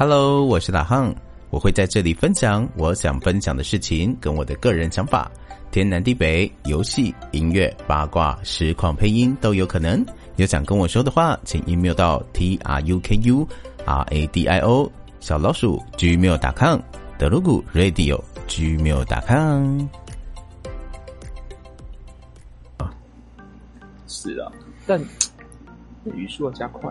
Hello，我是大夯，我會在這裡分享我想分享的事情跟我的個人想法，天南地北，遊戲、音樂、八卦、實況配音都有可能。有想跟我說的話，請 email 到 t r u k u r a d i o 小老鼠 gmail.com 德魯固 radio gmail.com。是啊，但語速要加快。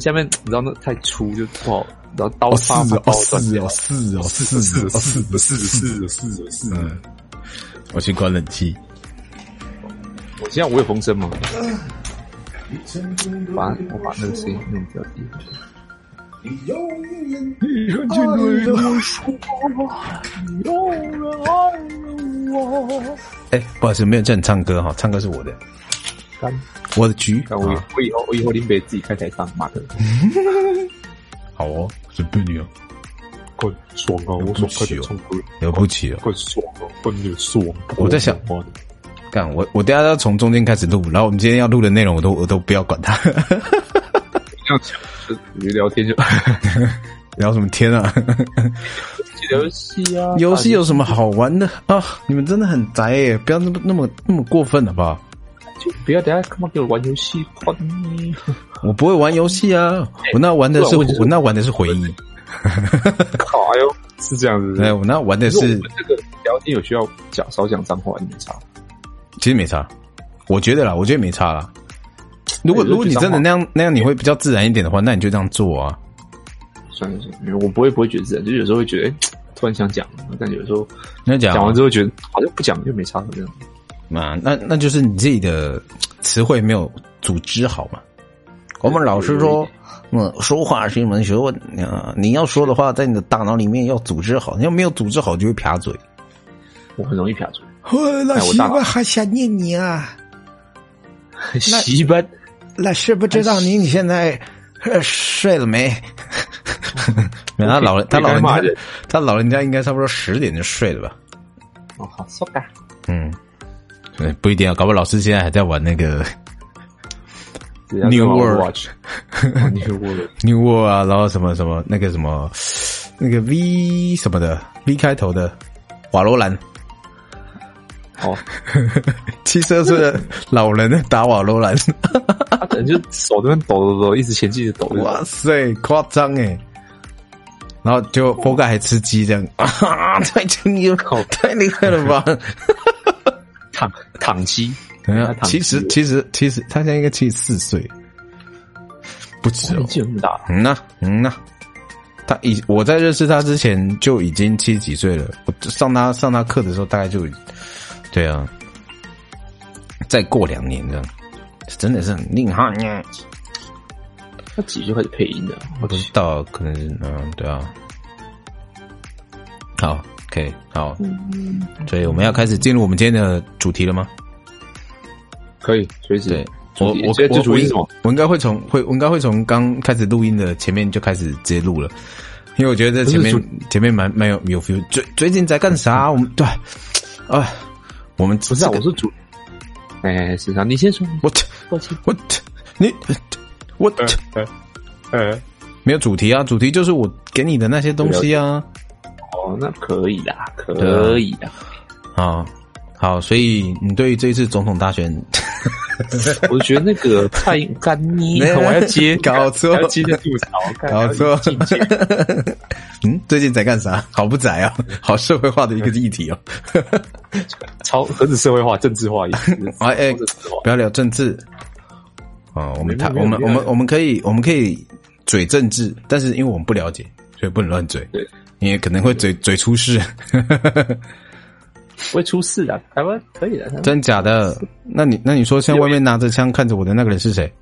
下面你知道那太粗就不好，然後刀殺哦，是哦，是哦，是四是四是四是是,是,是,是、嗯，我先關冷氣、嗯，我現在有沒有風聲嘛，呃、我把我把那個聲音弄掉。你永遠愛着我,我，你永遠愛着我。哎，不好意思沒有叫你唱歌哈，唱歌是我的。幹我的局，我我以後我以後林北自己開台商，馬的，好哦，真不牛，快爽啊，我說快衝哥，不哦、了不起哦，快爽啊，笨，點爽！我在想，幹我我等下要從中間開始錄，然後我們今天要錄的內容，我都我都不要管他，要，就聊天就聊什麼天啊？遊戲啊，遊戲有什麼好玩的啊？你們真的很宅耶、欸，不要那麼那麼那麼過分好不好？不要等下他嘛，給我玩遊戲，換你我不會玩遊戲啊！我那玩的是、欸、我那玩的是回憶。卡喲、就是，是， 是這樣子，是是。哎，我那玩的是。這個聊天有需要講少講髒話，其實沒差，我覺得啦，我覺得沒差啦。如果、欸、如果你真的那樣那樣，你會比較自然一點的話，那你就這樣做啊。算了算了，我不會不會覺得自然，就是有時候會覺得，哎、欸，突然想講，我感覺有時候講講完，完之後覺得好像不講又沒差什麼。嘛，那那就是你自己的詞彙沒有組織好嘛。我們老師說，嗯，說話是一門學問，你要說的話，在你的大腦裡面要組織好，你要沒有組織好，就會撇嘴。我很容易撇嘴。我老習慣，還想念你啊。習慣？那是不知道你你現在睡了沒？他老他老人家，他老人家應該差不多十點就睡了吧？哦，好，說吧。嗯。欸、不一定要，搞不好老師現在還在玩那個 New w World , r New World，New World 啊，然後什麼什麼那個什麼那個 V 什麼的 V 開頭的瓦羅蘭，哦， 七十二歲的老人打瓦羅蘭，可 能手都很抖抖抖，一，前一直前進的抖著著。哇塞，誇張哎！然後就波蓋還吃雞這樣、哦、 啊，太專業了，太厲害了吧！ 躺躺機，等其實其實其實他現在應該七十四歲，不止哦，這麼大，嗯吶，嗯吶，他以我在認識他之前就已經七十幾歲了，我上他上他課的時候大概就，對啊，再過兩年這樣，真的是很厲害，他幾歲開始配音的？我不知道，可能是嗯，對啊，好。OK，好，所以我們要開始進入我們今天的主題了嗎？可以，確實對題。我我我我應該會從會我應該會從剛開始錄音的前面就開始直接錄了，因為我覺得在前面前面蠻蠻有有 feel。最最近在幹啥？我們對啊，我們、這個、不是、啊、我是主。哎、欸，是啥、啊？你先說。What，what，歉 What? 你 what？嗯、欸，欸欸、沒有主題啊，主題就是我給你的那些東西啊。哦，那可以啦，可以啦。啊，好，所以你對於這一次總統大選，我覺得那個太干你，我要接搞錯，接着吐槽，搞錯。嗯，最近在幹啥？好不宅哦，好社會化的一個議題哦，超，何止社會化，政治化一點。哎，不要聊政治哦，我們談，我們我們我們可以我們可以嘴政治，但是因為我們不了解，所以不能亂嘴。對。你也可能會嘴嘴出事，會出事的。台灣可以的，真假的？那你那你說，像外面拿着槍看着我的那個人是誰？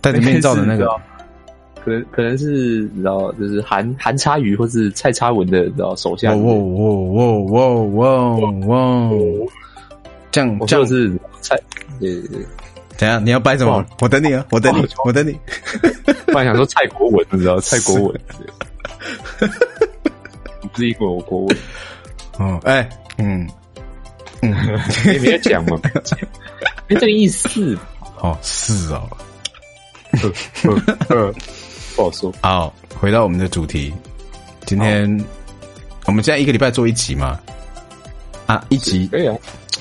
戴着面罩的那個？可能可能是知道，就是韓韓插宇或是蔡差文的，然後手下。哇哇哇哇哇哇！這樣這樣是蔡呃，等下你要掰什麼？我等你啊，我等你，我等你。我本來想說蔡國文，你知道蔡國文。哈哈哈哈哈！自己過過問哦，哎、欸，嗯嗯，別講 嘛，別講，哎，這個意思。哦，是哦，不好說。好，回到我們的主題，今天、哦、我們現在一個禮拜做一集嘛。啊，一集，哎呀，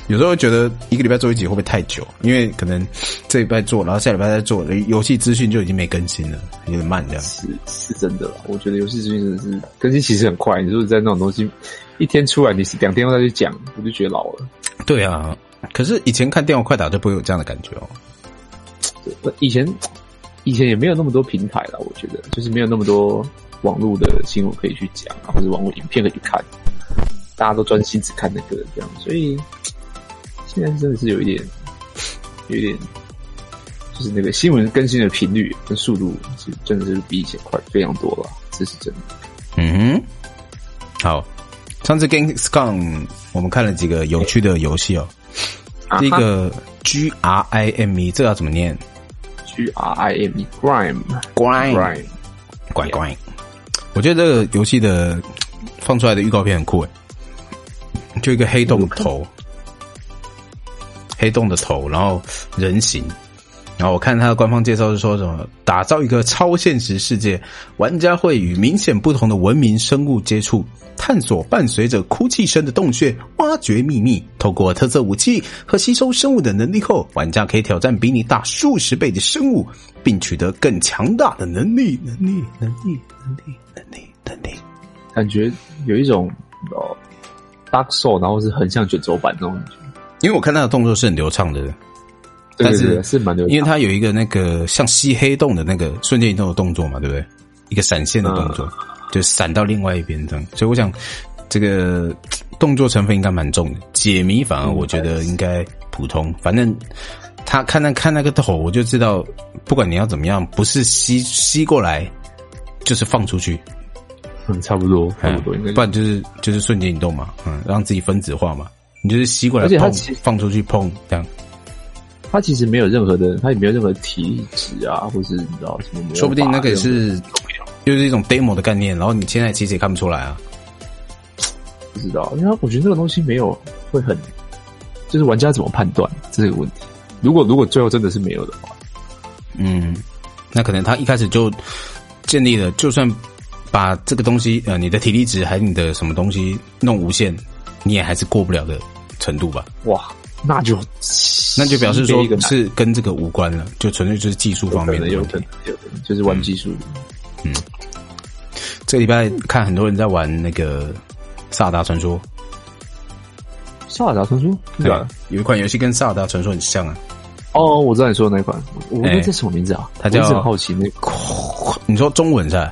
有時候會覺得一個禮拜做一集會不會太久？因為可能這一拜做，然後下禮拜再做，遊戲資訊就已經沒更新了。很慢這樣。是，是真的啦，我覺得遊戲資訊真的是更新其實很快。你如果在那種東西一天出來，你是兩天後再去講，我就覺得老了。對啊，可是以前看《電玩快打》就不會有這樣的感覺哦、喔。以前，以前也沒有那麼多平台了，我覺得就是沒有那麼多網絡的新聞可以去講，或者是網絡影片可以去看。大家都專心只看那個，這樣，所以現在真的是有一點，有一點，就是那個新聞更新的頻率跟速度是真的是比以前快非常多了，這是真的。嗯哼，好，上次 Gamescom 我們看了幾個有趣的遊戲哦，第、這、一個 Grime 這個要怎麼念？Grime，Grime，Grime，Grime，乖我覺得這個遊戲的放出來的預告片很酷誒。就一個黑洞的頭，黑洞的頭，然後人形，然後我看它的官方介紹是說什麼：打造一個超現實世界，玩家會與明顯不同的文明生物接觸，探索伴隨着哭泣聲的洞穴，挖掘秘密，透過特色武器和吸收生物的能力後，玩家可以挑戰比你大數十倍的生物，並取得更強大的能力。能力，能力，能力，能力，能力，感覺有一種哦。Dark Soul, 然後是很像卷軸版那種感覺。因為我看他的動作是很流暢的，對對對，但是是蠻流暢的，因為他有一個那個像吸黑洞的那個瞬間移動的動作嘛，對不對？一個閃現的動作，啊、就閃到另外一邊這樣，所以我想這個動作成分應該蠻重的。解謎反而我覺得應該普通，嗯、反正他看那看那個頭，我就知道不管你要怎麼樣，不是吸吸過來，就是放出去。嗯，差不多，差不多，不然就是就是瞬間移動嘛，嗯，讓自己分子化嘛，你就是吸過來，而且它放出去碰，這樣，它其實沒有任何的，它也沒有任何體脂啊，或是你知道什麼沒有，說不定那個也是就是一種 demo 的概念，然後你現在其實也看不出來啊，不知道，因為我覺得這個東西沒有會很，就是玩家怎麼判斷這個問題，如果如果最後真的是沒有的話，嗯，那可能他一開始就建立了，就算。把這個東西，呃，你的體力值還有你的什麼東西弄無限，你也還是過不了的程度吧？哇，那就那就表示說，是跟這個無關了，就純粹就是技術方面的問題。有可能，有可能，有可能，有可能就是玩技術、嗯。嗯，這個、禮拜看很多人在玩那個《薩達傳說》。薩達傳說對吧？對有一款遊戲跟《薩達傳說》很像啊。哦，我知道你說的那款，我的這什麼名字啊？欸、它叫……好奇，那個、你說中文是吧？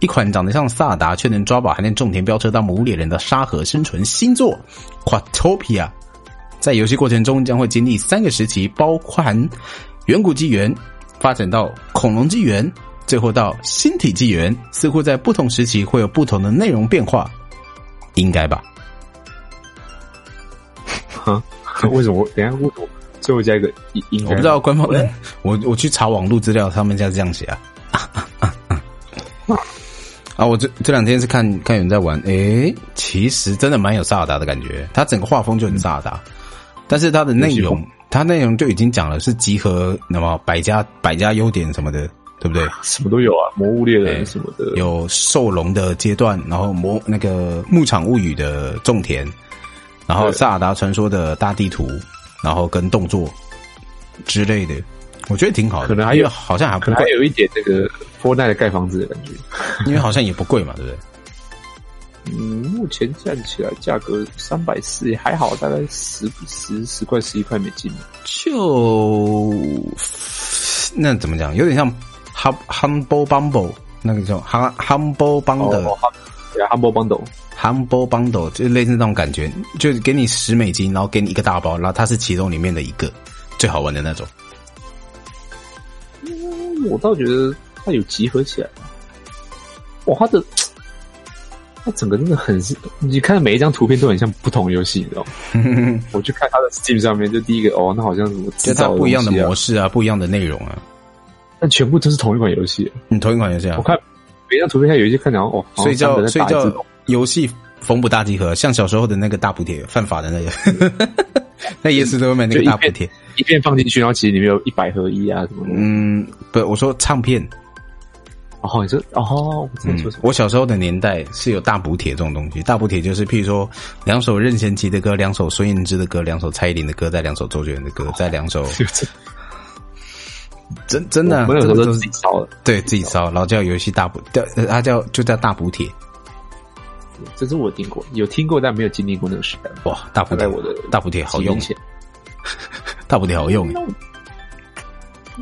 一款長得像薩爾達，卻能抓寶、還能種田、飆車、當魔物獵人的沙盒生存新作《Quatopia》。在遊戲過程中將會經歷三個時期，包含遠古紀元，發展到恐龍紀元，最後到星體紀元。似乎在不同時期會有不同的內容變化，應該吧？啊？為什麼？等下，我最後加一個， 我不知道官方。我我去查網路資料，他們家這樣寫啊。啊啊啊啊，我這這兩天是看看有人在玩，誒，其實真的蠻有薩爾達的感覺，它整個畫風就很薩爾達，嗯、但是它的內容，他它內容就已經講了是集合那麼百家百家優點什麼的，對不對？什麼都有啊，魔物獵人什麼的，有獸龍的階段，然後魔那個牧場物語的種田，然後薩爾達傳說的大地圖，對然後跟動作之類的。我覺得挺好的，可能還有好像還不太貴，還有一點那個 Fortnite 蓋房子的感覺， 因為好像也不貴嘛，對不對？嗯，目前算起來價格三百四也還好，大概十十十塊十一塊美金嘛。就那怎麼講？有點像 Humble Bundle 那個叫 humble b、oh, oh, yeah, u m b l e Humble Bundle Humble Bundle 就類似那種感覺，就是給你十美金，然後給你一個大包，然後它是其中裡面的一個最好玩的那種。我倒覺得它有集合起來我、啊、畫的他整個真的很像，你看每一張圖片都很像不同遊戲，你知道嗎？ 我去看他的 Steam 上面，就第一個，哦，那好像什麼、啊？就它不一樣的模式啊，不一樣的內容啊，但全部都是同一款遊戲、啊。你、嗯、同一款遊戲啊？我看每一張圖片有遊戲，看起來哦，所以叫所以叫遊戲。縫補大集合，像小時候的那個大補帖，犯法的那個。的 那也是在外面那個大補帖，一片放進去，然後其實裡面有一百合一啊什麼的。嗯，不，我說唱片。哦，你這哦哦說哦、嗯，我小時候的年代是有大補帖這種東西。大補帖就是，譬如說，兩首任賢齊的歌，兩首孫燕姿的歌，兩首蔡依林的歌，再兩首周杰倫的歌，再兩首。真真的，我有時候都自己燒的、就是，對自己燒，然後叫遊戲大補，他叫它叫就叫大補帖。這是我聽過有聽過，但沒有經歷過那個時代。哇，大補帖！我的大補帖好用，大補帖好用，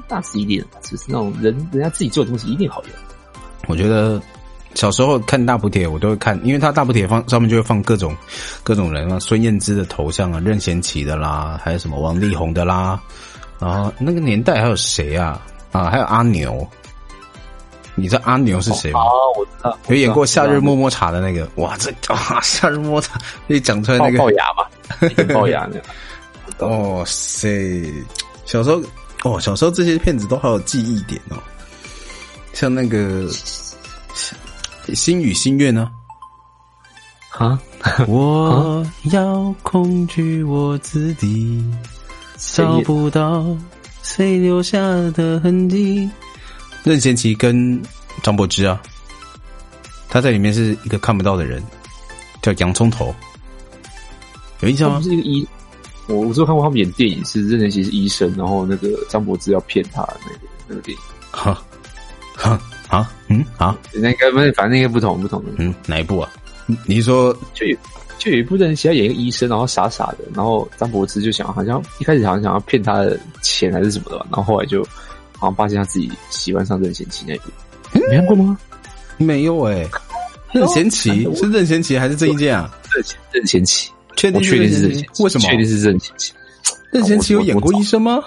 大實力人，就是那種人，人家自己做的東西一定好用。我覺得小時候看大補帖，我都會看，因為它大補帖放上面就會放各種各種人啊，孫燕姿的頭像啊，任賢齊的啦，還有什麼王力宏的啦，然後那個年代還有誰啊？啊，還有阿牛。你知道阿牛是誰嗎？啊、oh，有演過《夏日麼麼茶》的那個。哇，這啊，《夏日麼麼茶》那講出來那個齙牙吧，齙 牙那個。哦噻，小時候哦，小時候這些片子都還有記憶點哦。像那個《星語心願》呢？啊， 我要控制我自己，找不到誰留下的痕跡。任賢齊跟張柏芝啊，他在裡面是一個看不到的人，叫洋蔥頭，有印象嗎？是一個醫，我我只看過他們演電影，是任賢齊是醫生，然後那個張柏芝要騙他那個那個電影。哈，哈啊，嗯啊，那個不是，反正那不同不同的，嗯，哪一部啊？你說就有就有一部任賢齊要演一個醫生，然後傻傻的，然後張柏芝就想好像一開始好像想要騙他的錢還是什麼的吧，然後後來就。好像發現他自己喜歡上任賢齊那一部，你看過嗎？沒有哎，任賢齊是任賢齊還是鄭伊健啊？任賢任賢齊，我確定是任賢，為什麼確定是任賢齊？任賢齊有演過醫生嗎？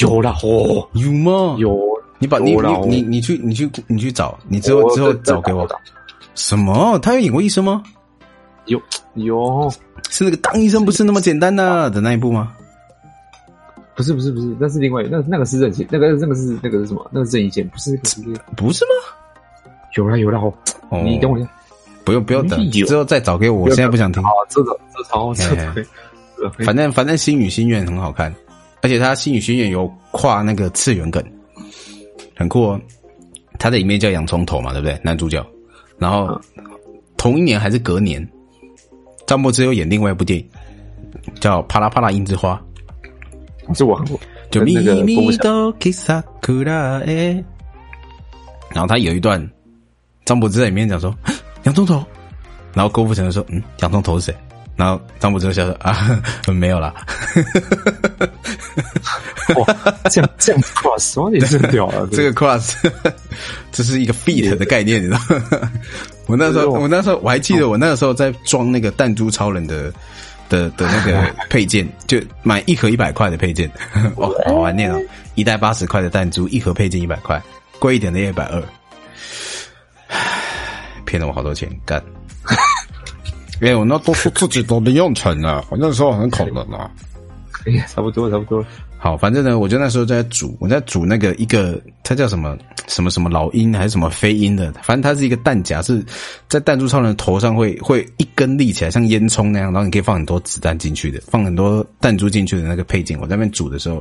有了哦，有嗎？有，你把你你你去你去你去找，你之後之後找給我。什麼？他有演過醫生嗎？有有，是那個當醫生不是那麼簡單的的那一部嗎？不是不是不是，那是另外那那個是任經，那個那個是那個是什麼？那個、是任意鍵不是不是嗎？有了有了哦，oh. oh. 你等我一下，不用不用等，有之後再找給我。要我現在不想聽。好這這超這飛，反正反正《星語心願》很好看，而且他《星語心願》有跨那個次元梗，很酷。哦。他的裡面叫洋蔥頭嘛，對不對？男主角，然後同一年還是隔年，張柏芝又演另外一部電影，叫《啪啦啪啦櫻之花》。是我看過，就那個郭富城，然後他有一段，張柏芝在裡面講說：“洋蔥頭。”然後郭富城說：“嗯，洋蔥頭是誰？”然後張柏芝就笑說：“啊，沒有啦。這樣這樣 cross 你真的屌、啊、這個 cross，這是一個 feet 的概念，也你知道嗎？我那時候，我，我那時候我還記得，我那個時候在裝那個彈珠超人的。的的那個配件， 就買一盒一百塊的配件，我、 哦、好懷念、哦，一袋八十塊的彈珠，一盒配件一百塊，貴一點的也一百二，騙 了我好多錢，幹， 因為我那都是自己都沒用成啊， 反正說很恐惱呢，哎差不多差不多。差不多好，反正呢，我就那時候在煮，我在煮那個一個，它叫什麼什麼什麼老鷹還是什麼飛鷹的，反正它是一個彈夾，是在彈珠超人的頭上會會一根立起來，像煙囪那樣，然後你可以放很多子彈進去的，放很多彈珠進去的那個配件。我在那邊煮的時候，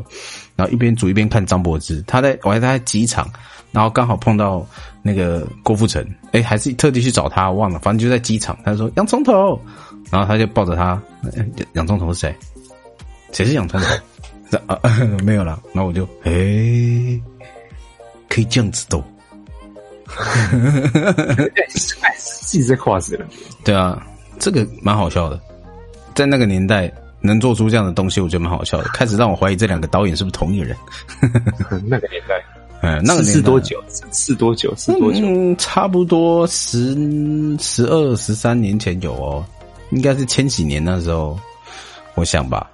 然後一邊煮一邊看張柏芝，他在我還他在機場，然後剛好碰到那個郭富城，哎、欸，還是特地去找他，忘了，反正就在機場，他說洋蔥頭，然後他就抱着他，欸、洋蔥頭是誰？誰是洋蔥頭？ 啊，沒有啦，那我就誒。可以這樣子鬥。呵呵呵呵呵呵，自己在畫自己了。對啊，這個蠻好笑的，在那個年代能做出這樣的東西，我覺得蠻好笑的。開始讓我懷疑這兩個導演是不是同一個人、 嗯。那個年代，嗯，那個是多久？是多久？是多久，嗯？差不多十、十二、十三年前有哦，應該是千禧年那時候，我想吧。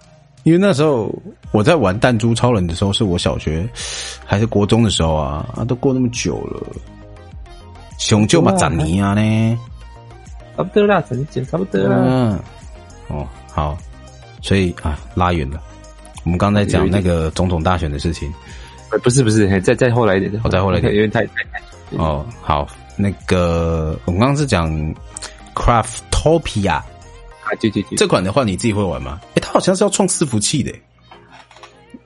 因為那時候我在玩彈珠超人的時候，是我小學還是國中的時候啊啊！都過那麼久了，熊舅媽展尼啊呢差，差不多啦，成績差不多啦。嗯，哦，好，所以啊，拉遠了。我們剛才講那個總統大選的事情，不是不是，再再後來一點，我再後來一點，哦、一點因為太，太，太哦好，那個我們剛，剛是講 Craftopia。這這款的話，你自己會玩嗎？哎、欸，它好像是要創伺服器的，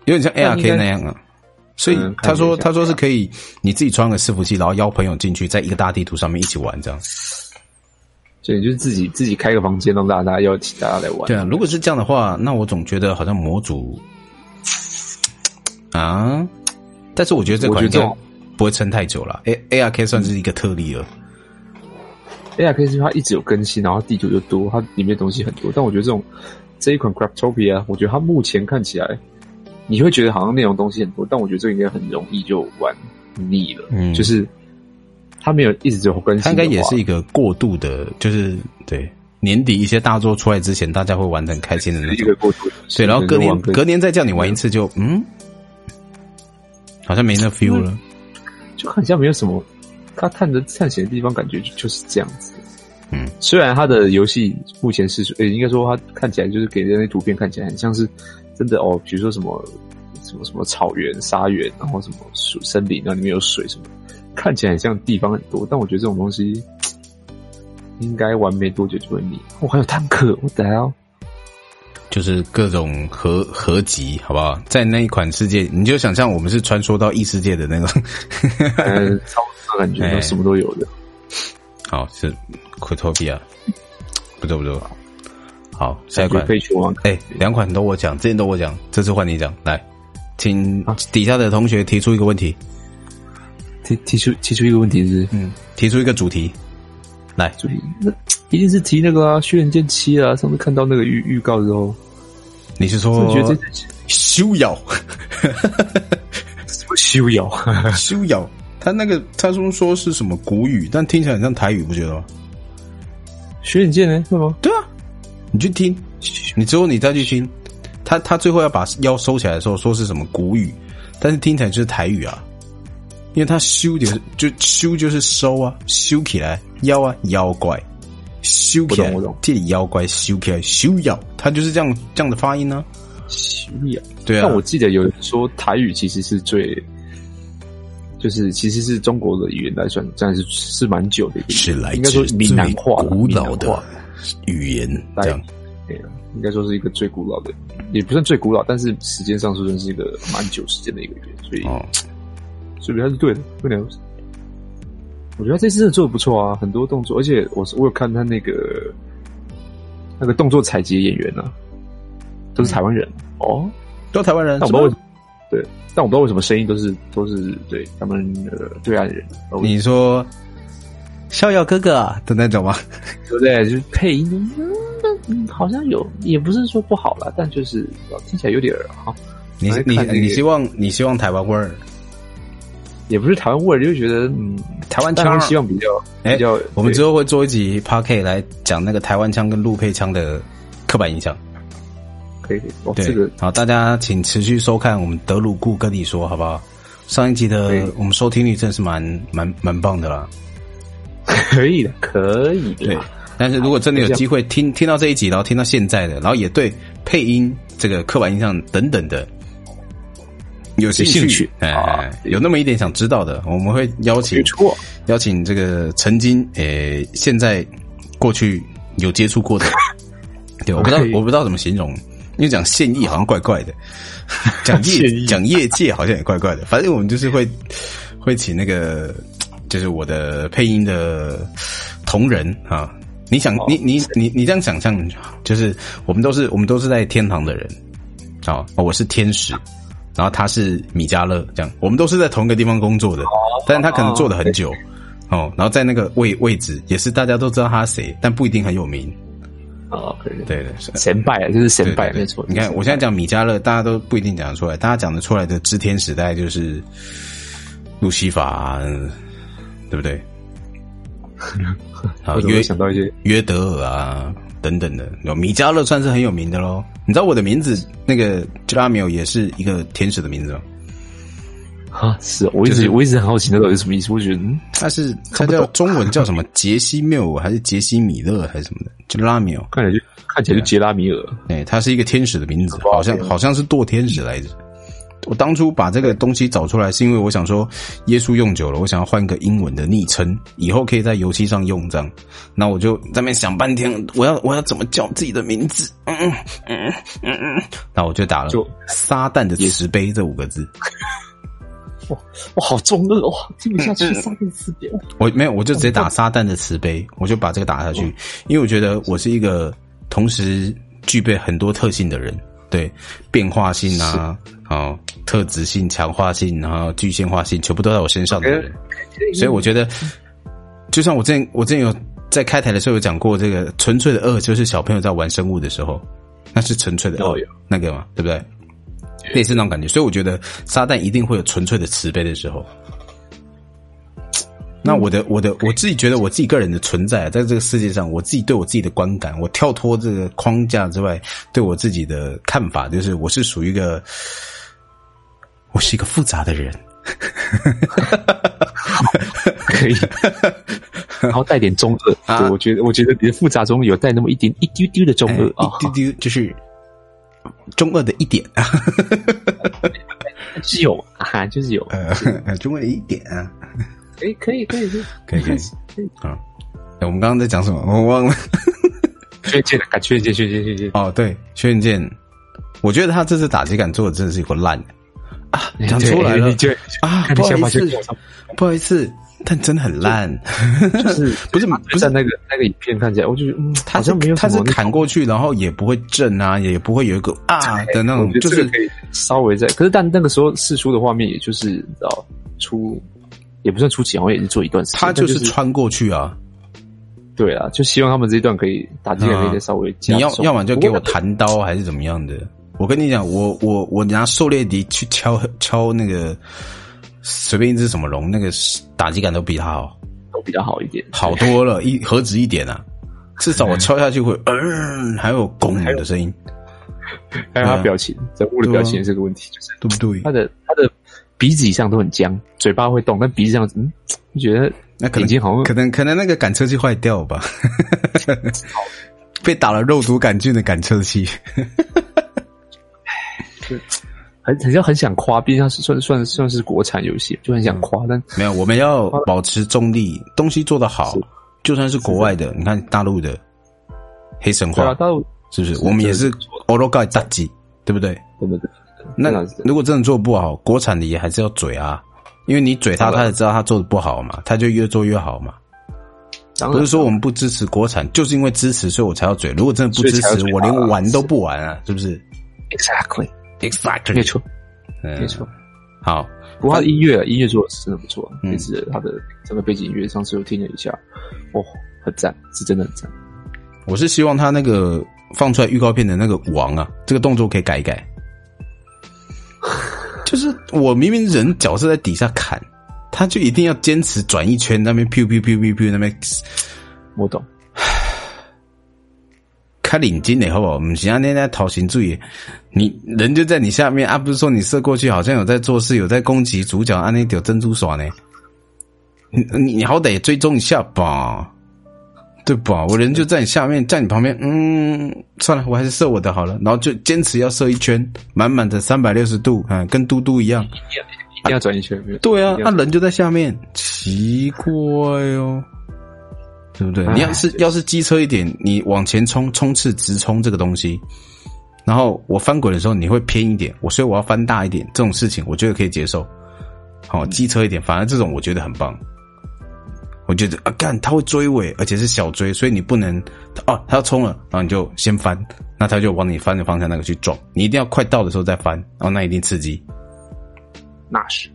有點像 ARK 那樣啊。所以他說，他說是可以你自己創個伺服器，然後邀朋友進去，在一個大地圖上面一起玩這樣。所以你就自己自己開個房間，讓大家邀請大家來玩。對啊，對如果是這樣的話，那我總覺得好像模組啊，但是我覺得這款就不會撐太久了。A ARK 算是一個特例了。嗯 A.R.K.C. 它一直有更新，然後地圖又多，它裡面的東西很多。但我覺得這種這一款 Craftopia，我覺得它目前看起來，你會覺得好像內容東西很多，但我覺得這應該很容易就玩膩了。嗯，就是它沒有一直有更新，它應該也是一個過度的，就是對年底一些大作出來之前，大家會玩的很開心的那種。個過度的，對，然後隔年隔年再叫你玩一次就，就嗯，嗯，好像沒那 feel 了，嗯、就好像沒有什麼。他探着探險的地方，感覺就就是這樣子，嗯。雖然他的遊戲目前是，誒、欸，應該說他看起來就是給人那圖片看起來很像是真的哦，比如說什麼什麼什麼草原、沙原，然後什麼森林，然後裡面有水什麼，看起來很像地方很多。但我覺得這種東西應該玩沒多久就會膩。我、哦、還有坦克，我等下。就是各種合合集，好不好？在那一款世界，你就想象我們是穿梭到異世界的那個 是超，超次元，什麼都有的。欸、好，是 o 托比 a 不對，不對。好，好，下一款哎，兩、欸、款都我講，這件都我講，這次換你講。來，請底下的同學提出一個問題，啊、提提出提出一個問題是是，是嗯，提出一個主題。來，注意，那一定是提那個啊，《軒轅劍七》啊，上次看到那個預預告之後。你是說是是覺得修咬咬笑，什麼修咬， 修咬？他那個他說說是什麼古語，但聽起來很像台語，不覺得嗎？人《軒轅劍》呢？是嗎？對啊，你去聽，你之後你再去聽，他他最後要把腰收起來的時候，說是什麼古語，但是聽起來就是台語啊。因為它修就是就修就是收啊，修起來妖啊妖怪，修起來不懂這裡妖怪修起來修妖，它就是這樣這樣的發音呢、啊。修妖要對啊，但我記得有人說台語其實是最，就是其實是中國的語言來算，這樣是是蠻久的一個語言，是來應該說閩南話古老的語言這樣，對啊，應該說是一個最古老的，也不算最古老，但是時間上說真是一個蠻久時間的一個語言，所以。嗯所以他是對的，對的。我覺得這次真的做的不錯啊，很多動作，而且我我有看他那個那個動作採集的演員呢、啊，都是台灣人哦，都是台灣人。我不知道什但我不知道為什麼聲嗎音都是都是對，他們的對岸人。你說《逍遙對哥哥》的那種嗎？對不對？就是配音、嗯嗯，好像有，也不是說不好啦，但就是聽起來有點哈、那個。你你你希望你希望台灣味兒？也不是台灣味兒，就覺得嗯，台灣腔希望比較、欸、比較。我們之後會做一集 Podcast 來講那個台灣腔跟陸配腔的刻板印象。可以，個、哦，對的好，大家請持續收看我們德魯固跟你說，好不好？上一集的我們收聽率真的是蠻蠻蠻棒的啦。可以的，可以。對，但是如果真的有機會聽聽到這一集，然後聽到現在的，然後也對配音這個刻板印象等等的。有些興趣，興趣哎，啊、有那麼一點想知道的，我們會邀請、啊、邀請這個曾經誒、欸，現在過去有接觸過的， 對，我不知道，Okay 我不知道怎麼形容，因為講現役好像怪怪的，講 業講 現役 業界好像也怪怪的，反正我們就是會會請那個，就是我的配音的同仁啊，你想、哦、你你你你這樣想象，就是我們都是我們都是在天堂的人，好、啊，我是天使。然後他是米迦勒，這樣，我們都是在同一個地方工作的，oh, 但是他可能坐了很久，oh, okay. 哦，然後在那個位位置，也是大家都知道他是誰，但不一定很有名哦，oh, okay.。對對對，前輩就是前輩。沒錯。你看前輩我現在講米迦勒，大家都不一定講得出來，大家講得出來的知天時代就是路西法，啊，對不對？啊 約，約想約德爾啊。等等的，有米迦勒算是很有名的嘍。你知道我的名字那個傑拉米奧也是一個天使的名字嗎？啊，是，我一直、就是、我一直很好奇那個是什麼意思。我覺得他是他叫中文叫什麼傑西繆還是傑西米勒還是勒還什麼的？傑拉米奧看起來就看起來就傑拉米爾。哎，他是一個天使的名字，好，好，好像對好像是墮天使來着。嗯我當初把這個東西找出來，是因為我想說，耶穌用久了，我想要換一個英文的昵稱，以後可以在遊戲上用這樣。那我就在那邊想半天，我要我要怎麼叫自己的名字？嗯嗯嗯嗯嗯，嗯那我就打了，就撒旦的慈悲是這五個字。哇，我好中二哦，聽不下去撒旦的慈悲。我沒有，我就直接打撒旦的慈悲，我就把這個打下去，因為我覺得我是一個同時具備很多特性的人，對變化性啊，是特質性、強化性，然後具象化性，全部都在我身上的 Okay. 所以我覺得，就像我之前，我之前有在開台的時候有講過，這個純粹的惡就是小朋友在玩生物的時候，那是純粹的惡, 那，那個嘛，對不對？也是 Yeah. 那種感覺，所以我覺得撒旦一定會有純粹的慈悲的時候。那我的，我的，我自己覺得我自己個人的存在在這個世界上，我自己對我自己的觀感，我跳脫這個框架之外，對我自己的看法，就是我是屬於一個。我是一個複雜的人， 可以，然後帶點中二、啊。我覺得，我覺得，你的複雜中有帶那麼一點一丟丟的中二啊，欸哦、一丟丟就是中二的一點 啊，是有就是有、呃、中二的一點、啊。哎、欸，可以，可以，可以，可以，嗯啊、欸，我們剛剛在講什麼？我忘了。薛 劍、啊，薛認薛劍，薛劍。哦，對，薛劍，我覺得他這次打擊感做的真的是有點爛。啊，你講出來了！啊，不好意思，不好意思，但真的很爛。就是不是不是那個那個影片，看起來我就覺得好像沒有，他是砍過去，然後也不會震啊，也不會有一個啊的那種，就是可以稍微在。可是但那個時候釋出的畫面，也就是哦出，也不算出錢，我也是做一段時間。他就是穿過去啊，對啊，就希望他們這一段可以打擊感可以再稍微，你要要麼就給我彈刀，還是怎麼樣的。我跟你講，我我我拿狩獵笛去敲敲那個隨便一只什麼龍，那個打擊感都比他好，都比它好一點，好多了一何止一點啊！至少我敲下去會嗯、呃，還有“拱”的聲音，還有，嗯、還有他表情、嗯、在物理表情這個問題，啊、就是對不對？他的他的鼻子以上都很僵，嘴巴會動，但鼻子上嗯，你覺得那眼睛好像可能可能，可能那個感測器壞掉吧？ 被打了肉毒桿菌的感測器。 是，很很很想誇，畢竟是算算算是國產遊戲，就很想誇。但沒有，我們要保持中立。東西做得好，就算是國外的，你看大陸的《黑神話》，大陸是不是？我們也是 ROG 大雞，對不對？對不對？那如果真的做不好，國產的也還是要嘴啊，因為你嘴他，他也知道他做的不好嘛，他就越做越好嘛。不是說我們不支持國產，就是因為支持，所以我才要嘴。如果真的不支持，我連玩都不玩啊，是不是？Exactly。沒錯，沒錯，好，不過他的音樂，音樂做的是真的不錯。也是他的這個背景音樂，上次我聽了一下，哦，很讚，是真的很讚。我是希望他那個放出來預告片的那個王啊，這個動作可以改一改。就是我明明人角色在底下砍，他就一定要堅持轉一圈，那邊咻咻咻咻咻那邊。我懂。較認真的好不好？我是啊，你那偷心意。你人就在你下面啊！不是說你射過去，好像有在做事，有在攻擊主角啊？那點珍珠耍呢？你你你好歹也追蹤一下吧，對吧？我人就在你下面，是的 在你旁邊。嗯，算了，我還是射我的好了。然後就堅持要射一圈，滿滿的三百六十度，嗯，跟嘟嘟一樣，一定要轉一，一圈。啊一對啊，那、啊、人就在下面，奇怪哦，對不對？啊、你要是對要是機車一點，你往前衝，衝刺直衝這個東西。然後我翻滾的時候，你會偏一點，我所以我要翻大一點，這種事情我覺得可以接受。好、哦，機車一點，反而這種我覺得很棒。我覺得啊，幹他會追尾，而且是小追，所以你不能哦、啊，他要衝了，然後你就先翻，那他就往你翻的方向那個去撞，你一定要快到的時候再翻，然後那一定刺激。那是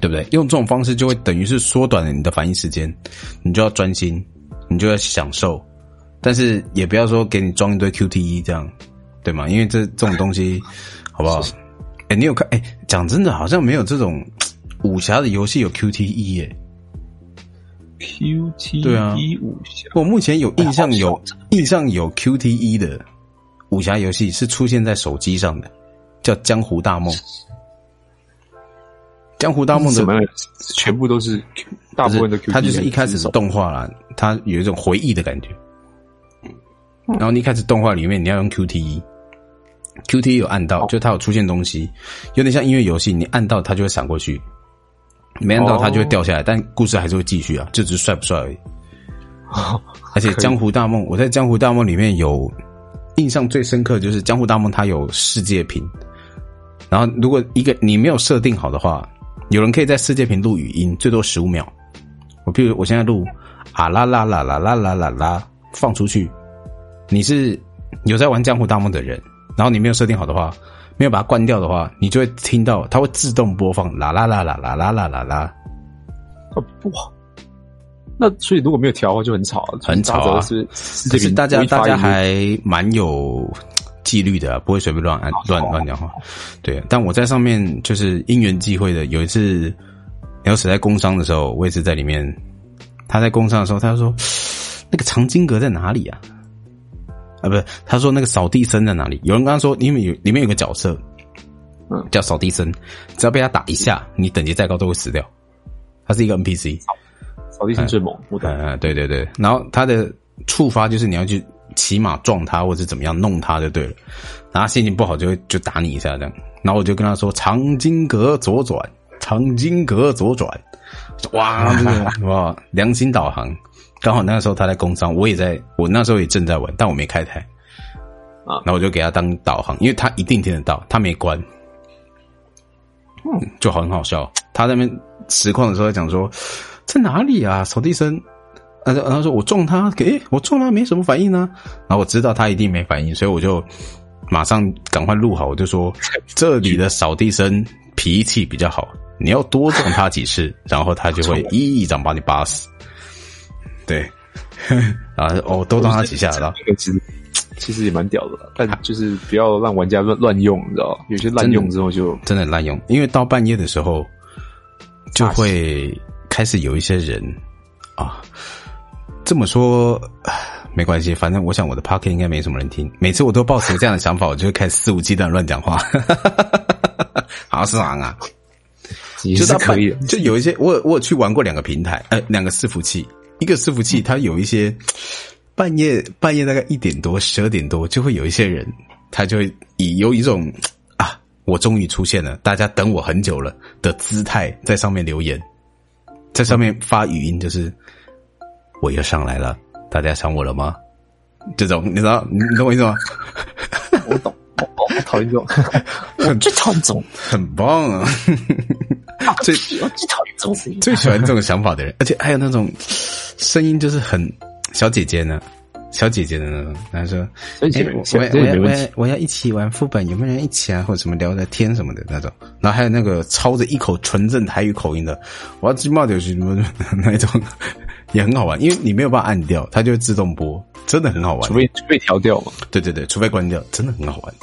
對不對？用這種方式就會等於是縮短了你的反應時間，你就要專心，你就要享受，但是也不要說給你裝一堆 QTE 這樣。對嘛？因為這這種東西， 好不好？哎是、欸，你有看？哎、欸，講真的，好像沒有這種武俠的遊戲有 QTE 耶、欸。QTE、對啊、我目前有印象有印象有 QTE 的武俠遊戲是出現在手機上的，叫《江湖大夢》。是江湖大夢的什麼全部都是, Q, 是大部分的，他就是一開始動畫啦，嗯、他有一種回憶的感覺。然後你一開始動畫裡面，你要用 QTE，QTE 有按到，oh. 就它有出現東西，有點像音樂遊戲，你按到它就會閃過去，沒按到它就會掉下來，oh. 但故事還是會繼續啊，就只是帥不帥而已。Oh, 而且《江湖大夢》可以，我在《江湖大夢》裡面有印象最深刻，就是《江湖大夢》它有世界屏，然後如果一個你沒有設定好的話，有人可以在世界屏錄語音，最多十五秒。我譬如我現在錄啊啦啦啦啦啦啦啦，放出去。你是有在玩《江湖大夢》的人，然後你沒有設定好的話，沒有把它關掉的話，你就會聽到它會自動播放啦啦啦啦啦啦啦啦啦。好。那所以如果沒有調的話就很吵，很吵，啊。是，這個大家大家還蠻有紀律的，啊，不會隨便亂按亂亂講話。對，但我在上面就是因緣際會的，有一次 L 死在工商的時候，我也是在裡面。他在工商的時候，他說：“那個藏經閣在哪裡啊？”啊，不是，他說那個掃地僧在哪裡？有人剛剛說，因為有裡面有個角色，嗯、叫掃地僧，只要被他打一下，你等級再高都會死掉。他是一個 NPC，掃地僧最猛。嗯嗯、啊的啊、對對對，然後他的觸發就是你要去騎馬撞他或者是怎麼樣弄他就對了，然後心情不好就就打你一下這樣。然後我就跟他說：藏經閣左轉，藏經閣左轉，哇、 這個，哇，良心導航。剛好那個時候他在工商，我也在，我那時候也正在玩，但我沒開台啊。然後我就給他當導航，因為他一定聽得到，他沒關，嗯，就好很好笑。他在那邊實況的時候在講說，在哪裡啊，掃地僧。然後他說，我撞他，給、欸，我撞他沒什麼反應呢、啊。然後我知道他一定沒反應，所以我就馬上趕快錄好，我就說 這裡的掃地僧脾氣比較好，你要多撞他幾次， 然後他就會一,一掌把你打死。對，啊哦，都打他幾下了。這個其實道其實也蠻屌的，但就是不要讓玩家亂亂用，你知道？有些濫用之後就真的濫用，因為到半夜的時候就會開始有一些人啊。這麼說沒關係，反正我想我的 Podcast 應該沒什麼人聽。每次我都抱持這樣的想法， 我就會開始肆無忌憚亂講話。哈哈哈。好爽啊，其實就是可以。其實 就有一些我我有去玩過兩個平台，呃，兩個伺服器。一個伺服器，它有一些半夜半夜大概一點多，十二點多，就會有一些人，他就會以有一種啊，我終於出現了，大家等我很久了的姿態，在上面留言，在上面發語音，就是我又上來了，大家想我了嗎？這種你知道你懂我意思嗎？我懂，討厭這種，最討厭這種，很棒啊！ 最、啊、我最討厭死你。最喜歡這種想法的人， 而且還有那種聲音就是很小姐姐呢，小姐姐的那種男生。哎，我我要我我要一起玩副本，有沒有人一起啊？或者什麼聊聊天什麼的那種。然後還有那個操着一口純正台語口音的，我要去冒掉遊戲那一種，也很好玩，因為你沒有辦法按掉，它就會自動播，真的很好玩。除非除非調掉嗎？對對對，除非關掉，真的很好玩。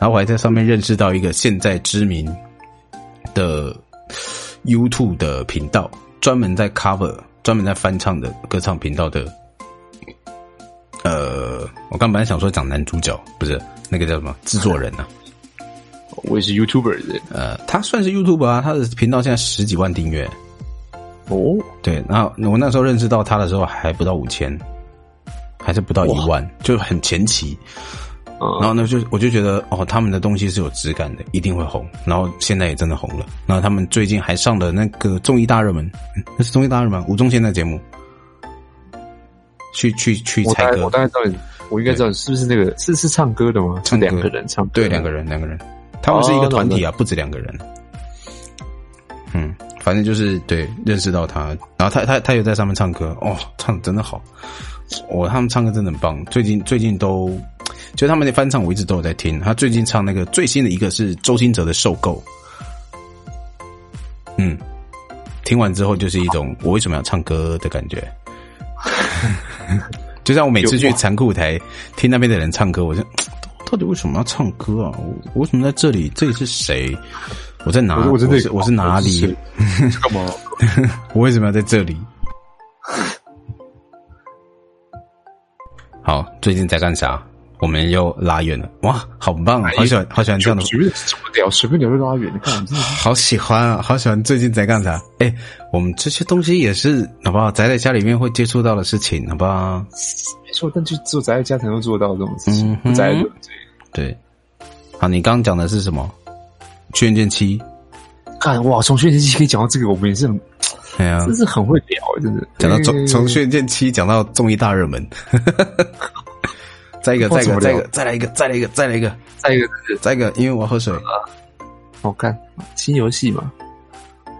然後我還在上面認識到一個現在知名。的 YouTube 的頻道，專門在 cover，專門在翻唱的歌唱頻道的。呃，我剛本來想說講男主角，不是，那個叫什麼製作人啊。我也是 YouTuber。呃，他算是 YouTuber 啊，他的頻道現在十幾萬訂閱。哦，對，然後我那時候認識到他的時候還不到五千，還是不到一萬，哇就很前期。然後呢，就我就覺得哦，他們的東西是有質感的，一定會紅。然後現在也真的紅了。然後他們最近還上了那個綜藝大熱門，嗯、是那是綜藝大熱門，吳宗憲的節目。去去去！猜歌我。我大概知道，我應該知道對是不是那個是是唱歌的嗎？唱兩個人唱，歌唱歌對兩個人，兩個人，他們是一個團體啊，不止兩個人。哦、嗯，反正就是對認識到他，然後他他他也在上面唱歌哦，唱真的好，我、哦、他們唱歌真的很棒，最近最近都。就他們的翻唱，我一直都有在聽。他最近唱那個最新的一個是周興哲的《受夠》，嗯，聽完之後就是一種我為什麼要唱歌的感覺。 就像我每次去殘酷舞台聽那邊的人唱歌，我就到底為什麼要唱歌啊？我，我為什麼在這裡？這裡是誰？我在哪裡？我是哪裡我是，我是哪裡？幹嘛？ 我為什麼要在這裡？ 好，最近在幹啥？我們又拉遠了，哇，好棒啊好一好！好喜歡，好喜歡這樣隨隨隨的。隨便怎麼聊，隨便聊就拉遠，你看。好喜歡啊，好喜歡！最近在幹啥？哎，我們這些東西也是，好不好？宅在家裡面會接觸到的事情，好不好？沒錯，但就只有宅在家才能做到的這種事情。宅、嗯、哼對，對，好，你剛剛講的是什麼？軒轅劍七？看哇，從軒轅劍七可以講到這個，我們也是很，哎呀，真是很會聊，真是。講到從從軒轅劍七講到綜藝大熱門。 再一，哦、再一個，再一個，再一個，再來一個，再來一個，再來一個，再一個，再一個，因為我要喝水、啊、好看，新遊戲嘛，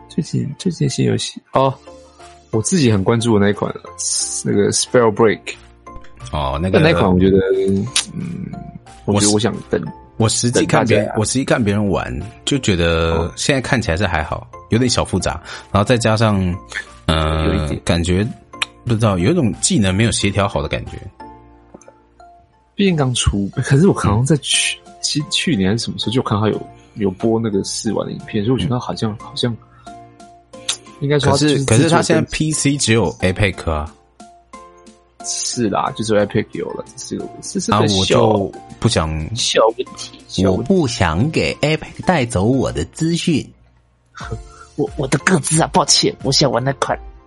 最近最近新遊戲哦，我自己很關注的那一款那個 Spell Break 哦，那個那，那一款我覺得嗯，我覺得我，我想等。我實際看別、啊、我實際看別人玩，就覺得現在看起來是還好，有點小複雜，然後再加上嗯，呃、有一點感覺不知道有一種技能沒有協調好的感覺。畢竟剛出，可是我可能在去，嗯、其實去年還是什麼時候就看他有有播那個試玩的影片，所以我覺得好像好像，嗯、好像應該說是可是，可是他現在 PC 只有 Epic 啊，是啦，就是 Epic 有了，是個是個小，啊、我就不想小問題，問題我不想給 Epic 帶走我的資訊，我我的個資啊，抱歉，我想玩那款。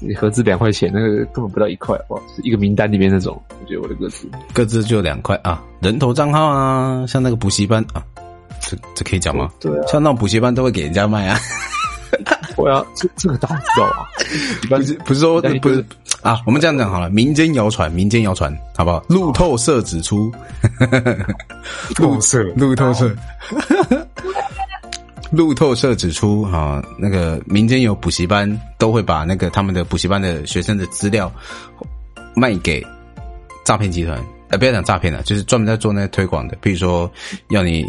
你合資兩塊錢，那個根本不到一塊哇，是一個名單裡面那種。我覺得我的個資，個資就兩塊啊，人頭賬號啊，像那個補習班啊，這這可以講嗎？對、啊、像那種補習班都會給人家賣啊。我 要、啊，這這個當然知道啊。不是不是說不是啊，我們這樣講好了，民間謠傳，民間謠傳，好不好？好，路透社指出，哈 哈，路透社，路透社。哈哈。路透社指出，哈、哦，那個民間有補習班都會把那個他們的補習班的學生的資料賣給詐騙集團。呃，不要講詐騙了，就是專門在做那推廣的，比如說要你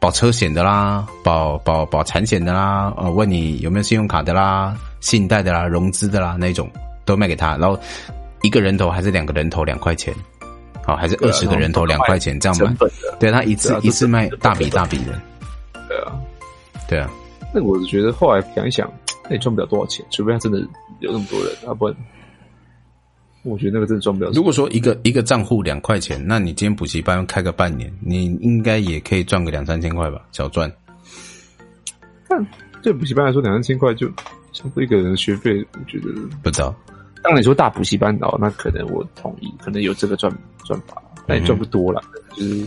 保車險的啦、保保保產險的啦，呃、哦，問你有沒有信用卡的啦、信貸的啦、融資的啦那一種，都賣給他。然後一個人頭還是兩個人頭兩塊錢，啊、哦，還是二十個人頭兩塊錢這樣買。對啊，他一次一次賣大筆大筆大筆的。對啊。對啊，那我覺得後來想一想，那也賺不了多少錢，除非他真的有那麼多人要不然，我覺得那個真的賺不了錢。如果說一個一個賬戶兩塊錢，那你今天補習班開個半年，你應該也可以賺個兩三千塊吧，小賺。但對補習班來說，兩三千塊就，相對一個人的學費，我覺得不早得。當你說大補習班哦，那可能我同意，可能有這個賺賺法，但也賺不多了，嗯、哼就是。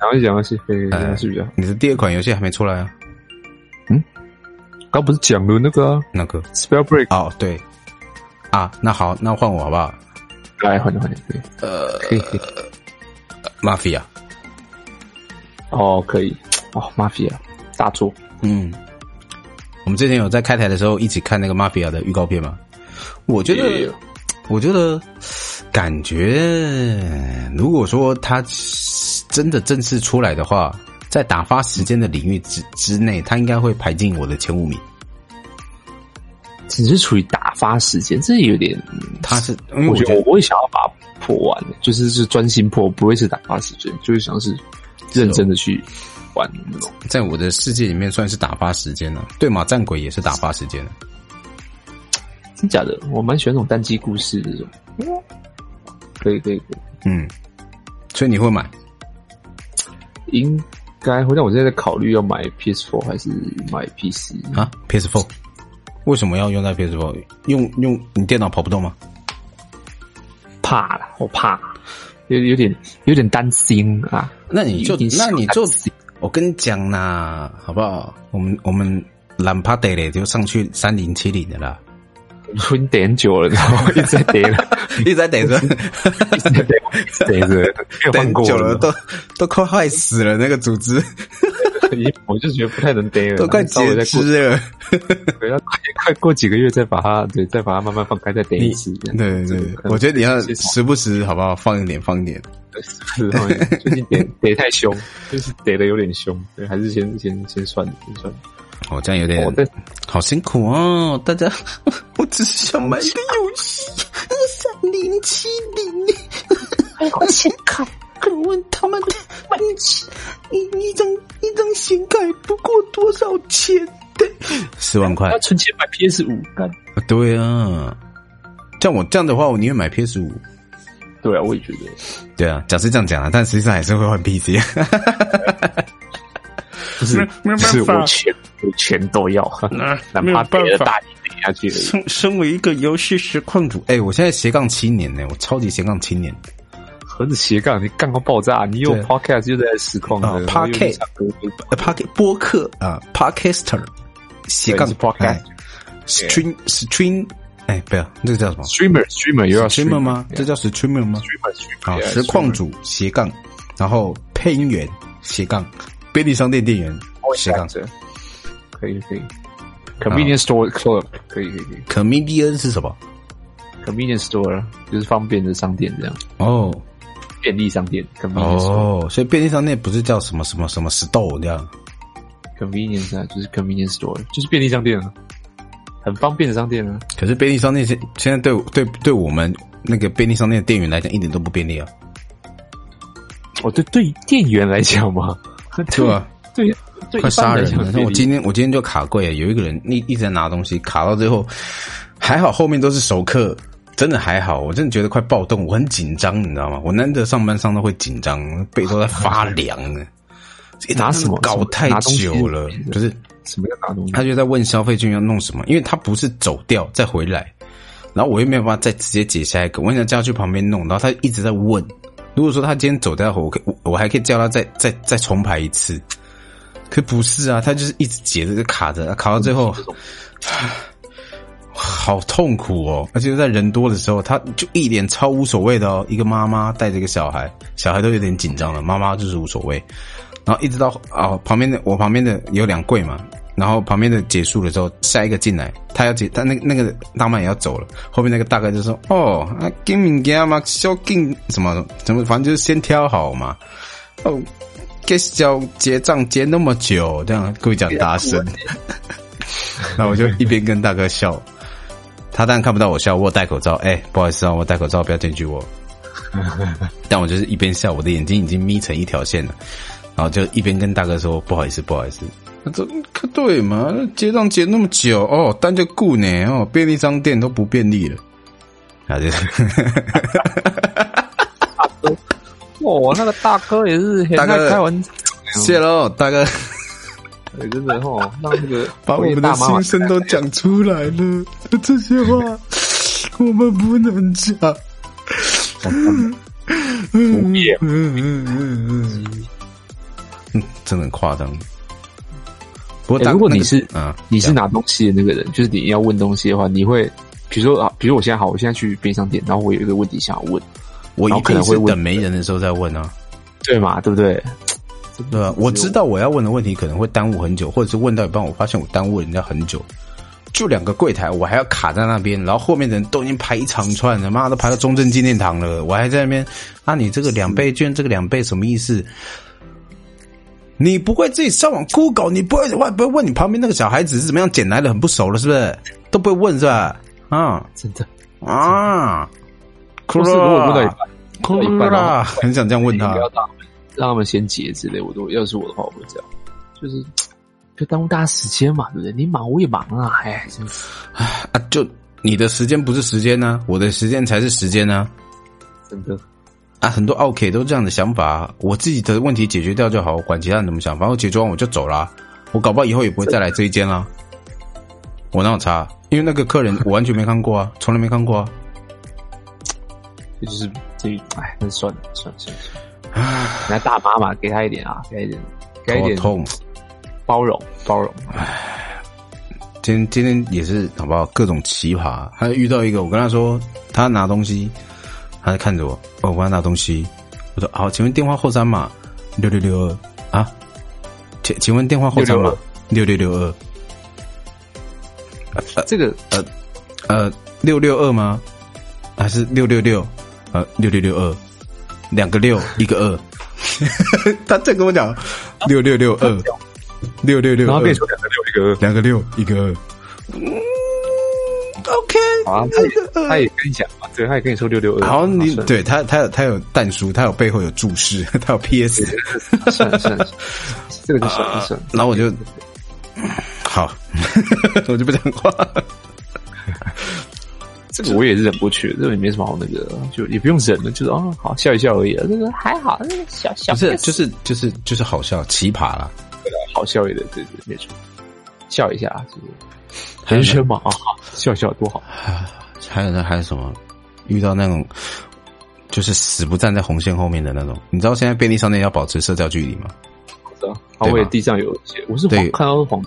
講一講那些還是比較。你的第二款遊戲還沒出來啊？嗯，剛不是講了那個、啊、那個 Spellbreak 哦，對啊，那好，那換我好不好？來，換你，換你、哦，可以。呃，可以。Mafia，哦，可以哦，Mafia，大作。嗯，我們之前有在開台的時候一起看那個 Mafia 的預告片嘛？我覺得，Yeah. 我覺得，感覺，如果說他。真的正式出來的話，在打發時間的領域之之內，他應該會排進我的前五名。只是處於打發時間，這有點。他是我覺、我覺得我不會想要把它破完的，就是是專心破，不會是打發時間，就是像是認真的去玩那種、哦、在我的世界裡面算是打發時間了、啊，對嗎？戰鬼也是打發時間的、啊。真假的，我蠻喜歡那種單機故事的，這種。可以可以，可以。嗯，所以你會買？應該好像我現在在考慮要買 PS4 還是買 PC 啊？PS4 為什麼要用在 PS4？用用你電腦跑不動嗎？怕啦，我怕，有有點有點擔心啊。那你就那你就，我跟你講啦，好不好？我們我們懶怕得嘞，就上去三零七零的啦。你蹲點久了，然後一直逮着， 一直在逮着，一直在逮着，逮着，逮久了都都快壞死了那個組織。你 我就覺得不太能逮了，都快解屍了。不要過 快，快過幾個月再把它，對，再把它慢慢放開再逮一次。對對對，看我覺得你要時不時好不好， 放一點，放一點。最近逮逮太凶，就是逮的有點凶，對，還是先先先算，先算。哦，這樣有點，好辛苦哦，大家。我只是想買一個遊戲，三零七零，一張顯卡。敢 問他們的，一，一一張一張顯卡不過多少錢的？四萬塊。要存錢買 PS 五幹、啊？對啊，像我這樣的話，我寧願買 PS 五。對啊，我也覺得。對啊，講是這樣講啊，但實際上還是會換 PC。不 對、 就是，不是我窮。全都要，那沒有辦法。身身為一個遊戲實況主，哎，我現在斜槓青年呢，我超級斜槓青年。何止斜槓？你槓過爆炸？你又 podcast 又在實況？啊，podcast，podcast 播客啊，podcaster，斜槓 podcast stream，stream，哎，不要，這個叫什麼？streamer，streamer，又要 streamer 嗎？這叫 streamer 嗎？啊，實況主斜槓，然後配音員斜槓，便利商店店員斜槓。可以可以，convenience store clerk，哦、可以可以可以。Comedian 是什麼？convenience store 就是方便的商店這樣。哦、oh，便利商店。哦，oh，所以便利商店不是叫什麼什麼什麼 store 這樣？convenience 啊，就是 convenience store，就是便利商店啊，很方便的商店啊。可是便利商店現現在對對對，對我們那個便利商店的店員來講一點都不便利啊。哦，對，對店員來講嘛，嗎 對，對。快殺人了！我今天我今天就卡櫃，有一個人一一直在拿東西，卡到最後，還好後面都是熟客，真的還好。我真的覺得快暴動，我很緊張，你知道嗎？我難得上班上到會緊張，背都在發涼了。拿什麼？搞太久了，就是什麼叫拿東西？是東西他就在問消費券要弄什麼，因為他不是走掉再回來，然後我又沒有辦法再直接解下一個，我想叫他去旁邊弄，然後他一直在問。如果說他今天走掉的話，我我我還可以叫他再再再重排一次。可不是啊，他就是一直解着就卡着，卡到最後，嗯，好痛苦哦！而且在人多的時候，他就一臉超無所謂的哦。一個媽媽帶着一個小孩，小孩都有點緊張了，媽媽就是無所謂。然後一直到啊、哦，旁邊的我旁邊的有兩櫃嘛，然後旁邊的結束了之後，下一個進來，他要解他那個、那個大媽也要走了，後面那個大哥就說：“哦、啊、給你，給你東西嗎什麼什麼，反正就是先挑好嘛。”哦。開始叫結賬結那麼久，這樣故意講大聲，那問 我就一邊跟大哥笑， 他當然看不到我笑，我戴口罩。哎、欸，不好意思啊、哦，我戴口罩，不要檢舉我。 但我就是一邊笑，我的眼睛已經眯成一條線了，然後就一邊跟大哥說：“不好意思，不好意思。”那這可對嘛？結賬結那麼久哦，單就顧呢哦，便利商店都不便利了啊！哈 哇、哦，那個大哥也是，大概開玩笑，謝嘍，大哥，真的哈，那個把我們的心聲都講出來了， 這些話我們不能講。嗯嗯嗯嗯嗯，真的誇張。不過、欸，如果你是啊，你是拿東西的那個人，啊、就是你要問東西的話，你會，比如說啊，比如我現在好，我現在去便利商店，然後我有一個問題想要問。我有可能會等沒人的時候再問呢、啊，對嘛？對不對？對，我知道我要問的問題可能會耽誤很久，或者是問到一半，我發現我耽誤人家很久。就兩個櫃檯，我還要卡在那邊，然後後面人都已經排一長串了，他媽都排到中正紀念堂了，我還在那邊。啊，你這個兩倍券，是這個兩倍什麼意思？你不會自己上網 g Google 你不會問？不會問你旁邊那個小孩子是怎麼樣撿來的？很不熟了，是不是？都不會問是吧？啊，真的，真的啊。可是如果不來空了一，啦一很想這樣問他，他讓他們先結之類。我都要是我的話，我會這樣，就是就耽誤大家時間嘛，對不對？你忙我也忙啊，哎、欸，哎啊，就你的時間不是時間呢、啊，我的時間才是時間呢、啊。真的啊，很多奧客都這樣的想法、啊。我自己的問題解決掉就好，我管其他人怎麼想，反正我解決完我就走了。我搞不好以後也不會再來這一間了、啊。的我哪有差？因為那個客人我完全沒看過啊，從 來沒看過啊。就是這哎，那算了算了算了，算了算了 來大媽嘛，給他一點啊，給他一點，給一點，包容包容。哎，今天今天也是，好不好？各種奇葩，還遇到一個，我跟他說，他拿東西，他在看着我，我幫他拿東西。我說好，請問電話後三碼六六六二啊？請請問電話後三碼六六六二？呃，這個呃呃六六二嗎？還是六六六？呃，六六六二，兩個六，一個二。他正跟我講，六六六二，六六六二，然後跟你說兩個六一個兩個六一個。嗯，OK。他也他也跟你講，對，他也跟你說六六二。然後你對他，他有他有但書，他有背後有注釋，他有 PS。算了算了，這個就算算了。然後我就，好，我就不講話。這個我也是忍不去，這個也沒什麼好那個，就也不用忍了，就是啊，好笑一笑而已，這個還好，那、這個小小不是就是就是就是好笑，奇葩了、啊，好笑一點，對對沒錯，笑一下，是、不是？人生嘛，啊，笑一笑多好。還有呢，還有什麼？遇到那種就是死不站在紅線後面的那種，你知道現在便利商店要保持社交距離嗎？好的、啊，對嗎、啊、我也地上有一些，我是對看到是黃。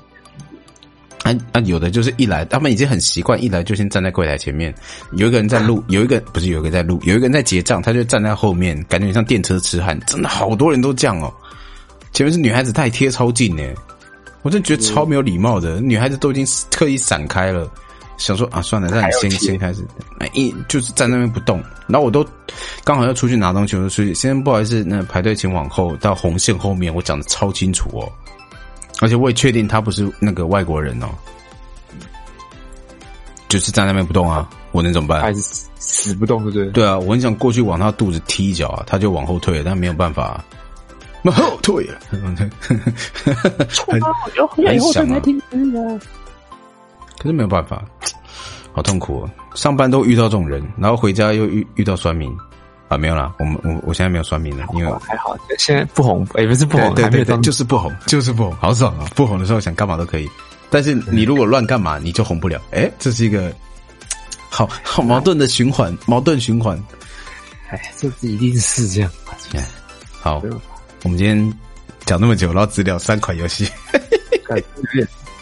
啊啊！有的就是一來，他們已經很習慣，一來就先站在櫃檯前面。有一個人在錄，啊、有一個不是有一個在錄，有一個人在結賬，他就站在後面，感覺像電車痴漢。真的好多人都這樣哦。前面是女孩子太貼超近呢，我真的覺得超沒有禮貌的。嗯、女孩子都已經特意閃開了，想說啊，算了，讓你先先開始。一、哎、就是站在那邊不動，然後我都剛好要出去拿東西，我就出去。先生不好意思，那排隊請往後到紅線後面。我講的超清楚哦。而且我也確定他不是那個外國人哦，就是站在那邊不動啊，我能怎麼辦？還是死不動，對不對？對啊，我很想過去往他肚子踢一腳啊，他就往後退，但沒有辦法，後退，很想，可是沒有辦法，好痛苦啊！上班都遇到這種人，然後回家又遇遇到酸民。沒、啊、沒有啦，我們我我現在沒有算命了，因為還好，還好，現在不紅，也、欸、不是不紅，對，對對，就是不紅，就是不紅，好爽啊、喔！不紅的時候想幹嘛都可以，但是你如果亂幹嘛，你就紅不了。哎、欸，這是一個好好矛盾的循環，我矛盾循環。哎，這一定是這樣。就是欸、好，我，我們今天講那麼久，然後只聊三款遊戲。嘿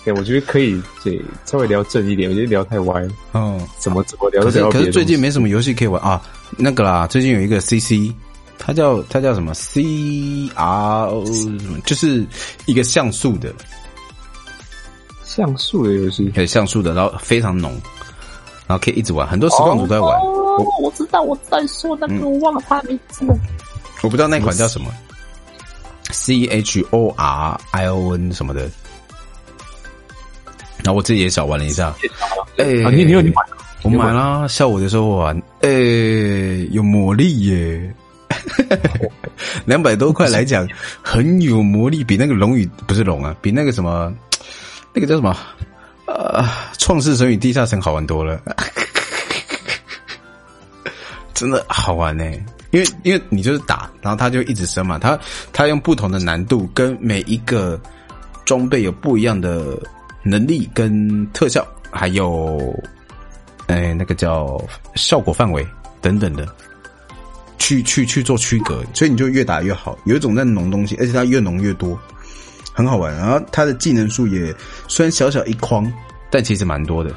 嘿我覺得可以，對稍微聊正一點，我覺得聊太歪了。嗯、哦，怎麼怎麼聊可是？聊可是最近沒什麼遊戲可以玩啊。那個啦，最近有一個 C C，它叫它叫什麼 C R O 什麼，CR, 就是一個像素的像素的遊戲，對，像素的，然後非常濃，然後可以一直玩，很多實況主在玩。哦、我,我知道我在說但、那、是、個嗯、我忘了它名字。我不知道那款叫什麼我 C H O R I O N 什麼的，然後我自己也小玩了一下。你你有你玩我買了、啊，下午的時候玩，誒、欸，有魔力耶，兩 百多塊來講很有魔力，比那個龍與不是龍啊，比那個什麼那個叫什麼、呃、創創世神與地下城好玩多了， 真的好玩呢，因為因為你就是打，然後它就一直升嘛，它它用不同的難度跟每一個裝備有不一樣的能力跟特效，還有。哎、欸，那個叫效果範圍等等的去，去去去做區隔，所以你就越打越好。有一種在濃東西，而且它越濃越多，很好玩。然後它的技能數也雖然小小一筐，但其實蠻多的。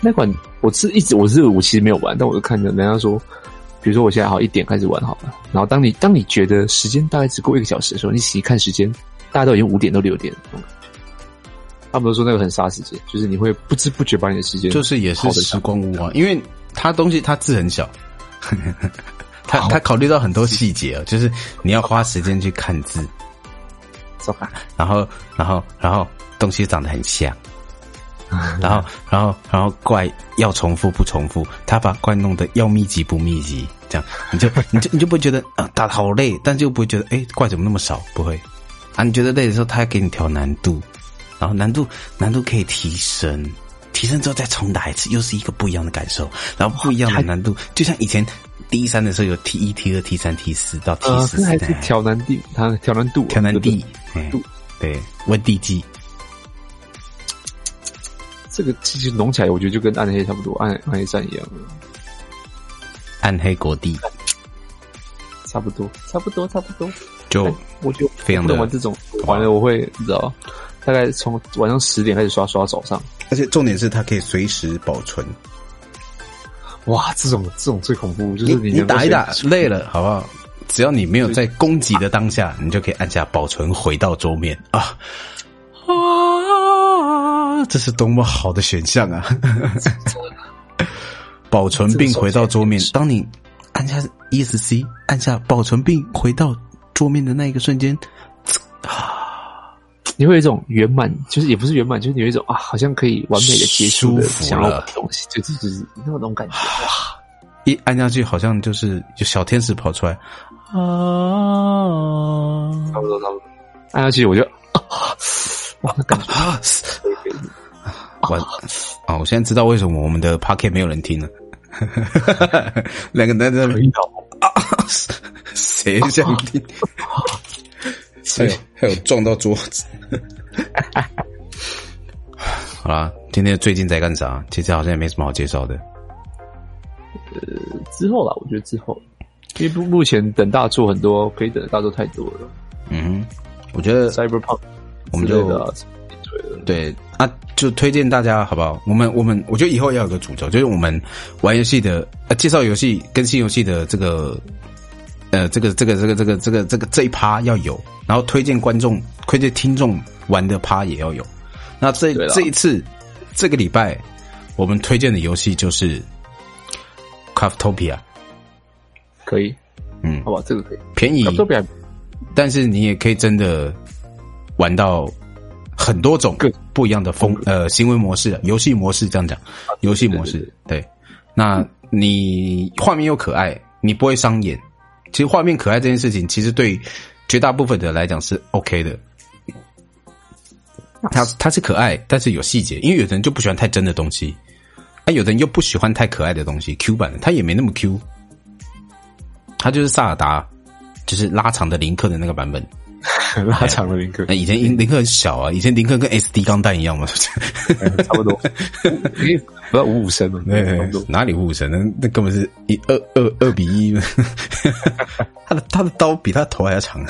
那款我是一直我是我其實沒有玩，但我就看着人家說，比如說我現在好一點開始玩好了。然後當你當你覺得時間大概只過一個小時的時候，你仔細看時間，大概都已經五點到六點。他們都說那個很殺時間，就是你會不知不覺把你的時間，就是也是時光屋啊，因為他東西，他字很小，他他考慮到很多細節啊，就是你要花時間去看字，走吧開，然後然後然後東西長得很像，然後然後然後怪要重複不重複，他把怪弄得要密集不密集，這樣你就你就你就不會覺得啊、呃，打得好累，但就不會覺得誒怪怎麼那麼少，不會啊，你覺得累的時候他還給你調難度。然後難度難度可以提升，提升之後再重打一次，又是一個不一樣的感受。然後不一樣的難度，就像以前 D3 的時候有 T 一、T 二、T 三、T 四到 T 四山。這還是調難度，它調難度，調難度度。對，溫地級。這個其實弄起來，我覺得就跟暗黑差不多，暗暗黑山一樣。暗黑國地，差不多，差不多，差不多。就我就不能玩這種，完了我會你知道。大概從晚上十點開始刷，刷到早上。而且重點是，它可以隨時保存。哇，這種這種最恐怖，就是你，你打一打擇累了，好不好？只要你沒有在攻擊的當下，以你就可以按下保存，回到桌面啊！啊，這是多麼好的選項啊！ 保存並回到桌面。當你按下 ESC，按下保存並回到桌面的那一個瞬間，啊。你會有一種圓滿，就是也不是圓滿，就是你有一種啊，好像可以完美的結束想要的東西，就是、就是、那種感覺。哇！一按下去，好像就是有小天使跑出來啊！差不多，差不多。按下去我就，我覺得哇，感覺啊，我啊，我現在知道為什麼我們的 podcast 沒有人聽了。 兩個男的有啊，誰想聽？啊 還有還有撞到桌子， 好啦，今天最近在幹啥？其實好像也沒什麼好介紹的。呃，之後吧，我覺得之後，因為目前等大作很多，可以等的大作太多了。嗯哼，我覺得 Cyberpunk，我們就，我們就對啊，就推薦大家好不好？我們我們我覺得以後要有個主軸，就是我們玩遊戲的啊，介紹遊戲、更新遊戲的這個。呃，這個這個這個這個這個這個這一趴要有，然後推薦觀眾、推薦聽眾玩的趴也要有。那這了這一次這個禮拜，我們推薦的遊戲就是《Craftopia》。可以，嗯，好吧，這個可以便宜，但是你也可以真的玩到很多種不一樣的風對呃行為模式、遊戲模式。這樣講，啊、遊戲模式對,對,對,對，那你畫面又可愛，你不會傷眼。其實畫面可愛這件事情，其實對絕大部分的人來講是 OK 的。它它是可愛，但是有細節。因為有的人就不喜歡太真的東西，那有的人又不喜歡太可愛的東西。Q 版的它也沒那麼 Q，它就是薩爾達，就是拉長的林克的那個版本。很拉長了林克。欸、以前林林克很小啊，以前林克跟 S D 鋼彈一樣嘛、 欸，差不多，不要五五身嘛，對哪裡五五身？那那根本是一二二二比一嘛， 他的他的刀比他的頭還要長，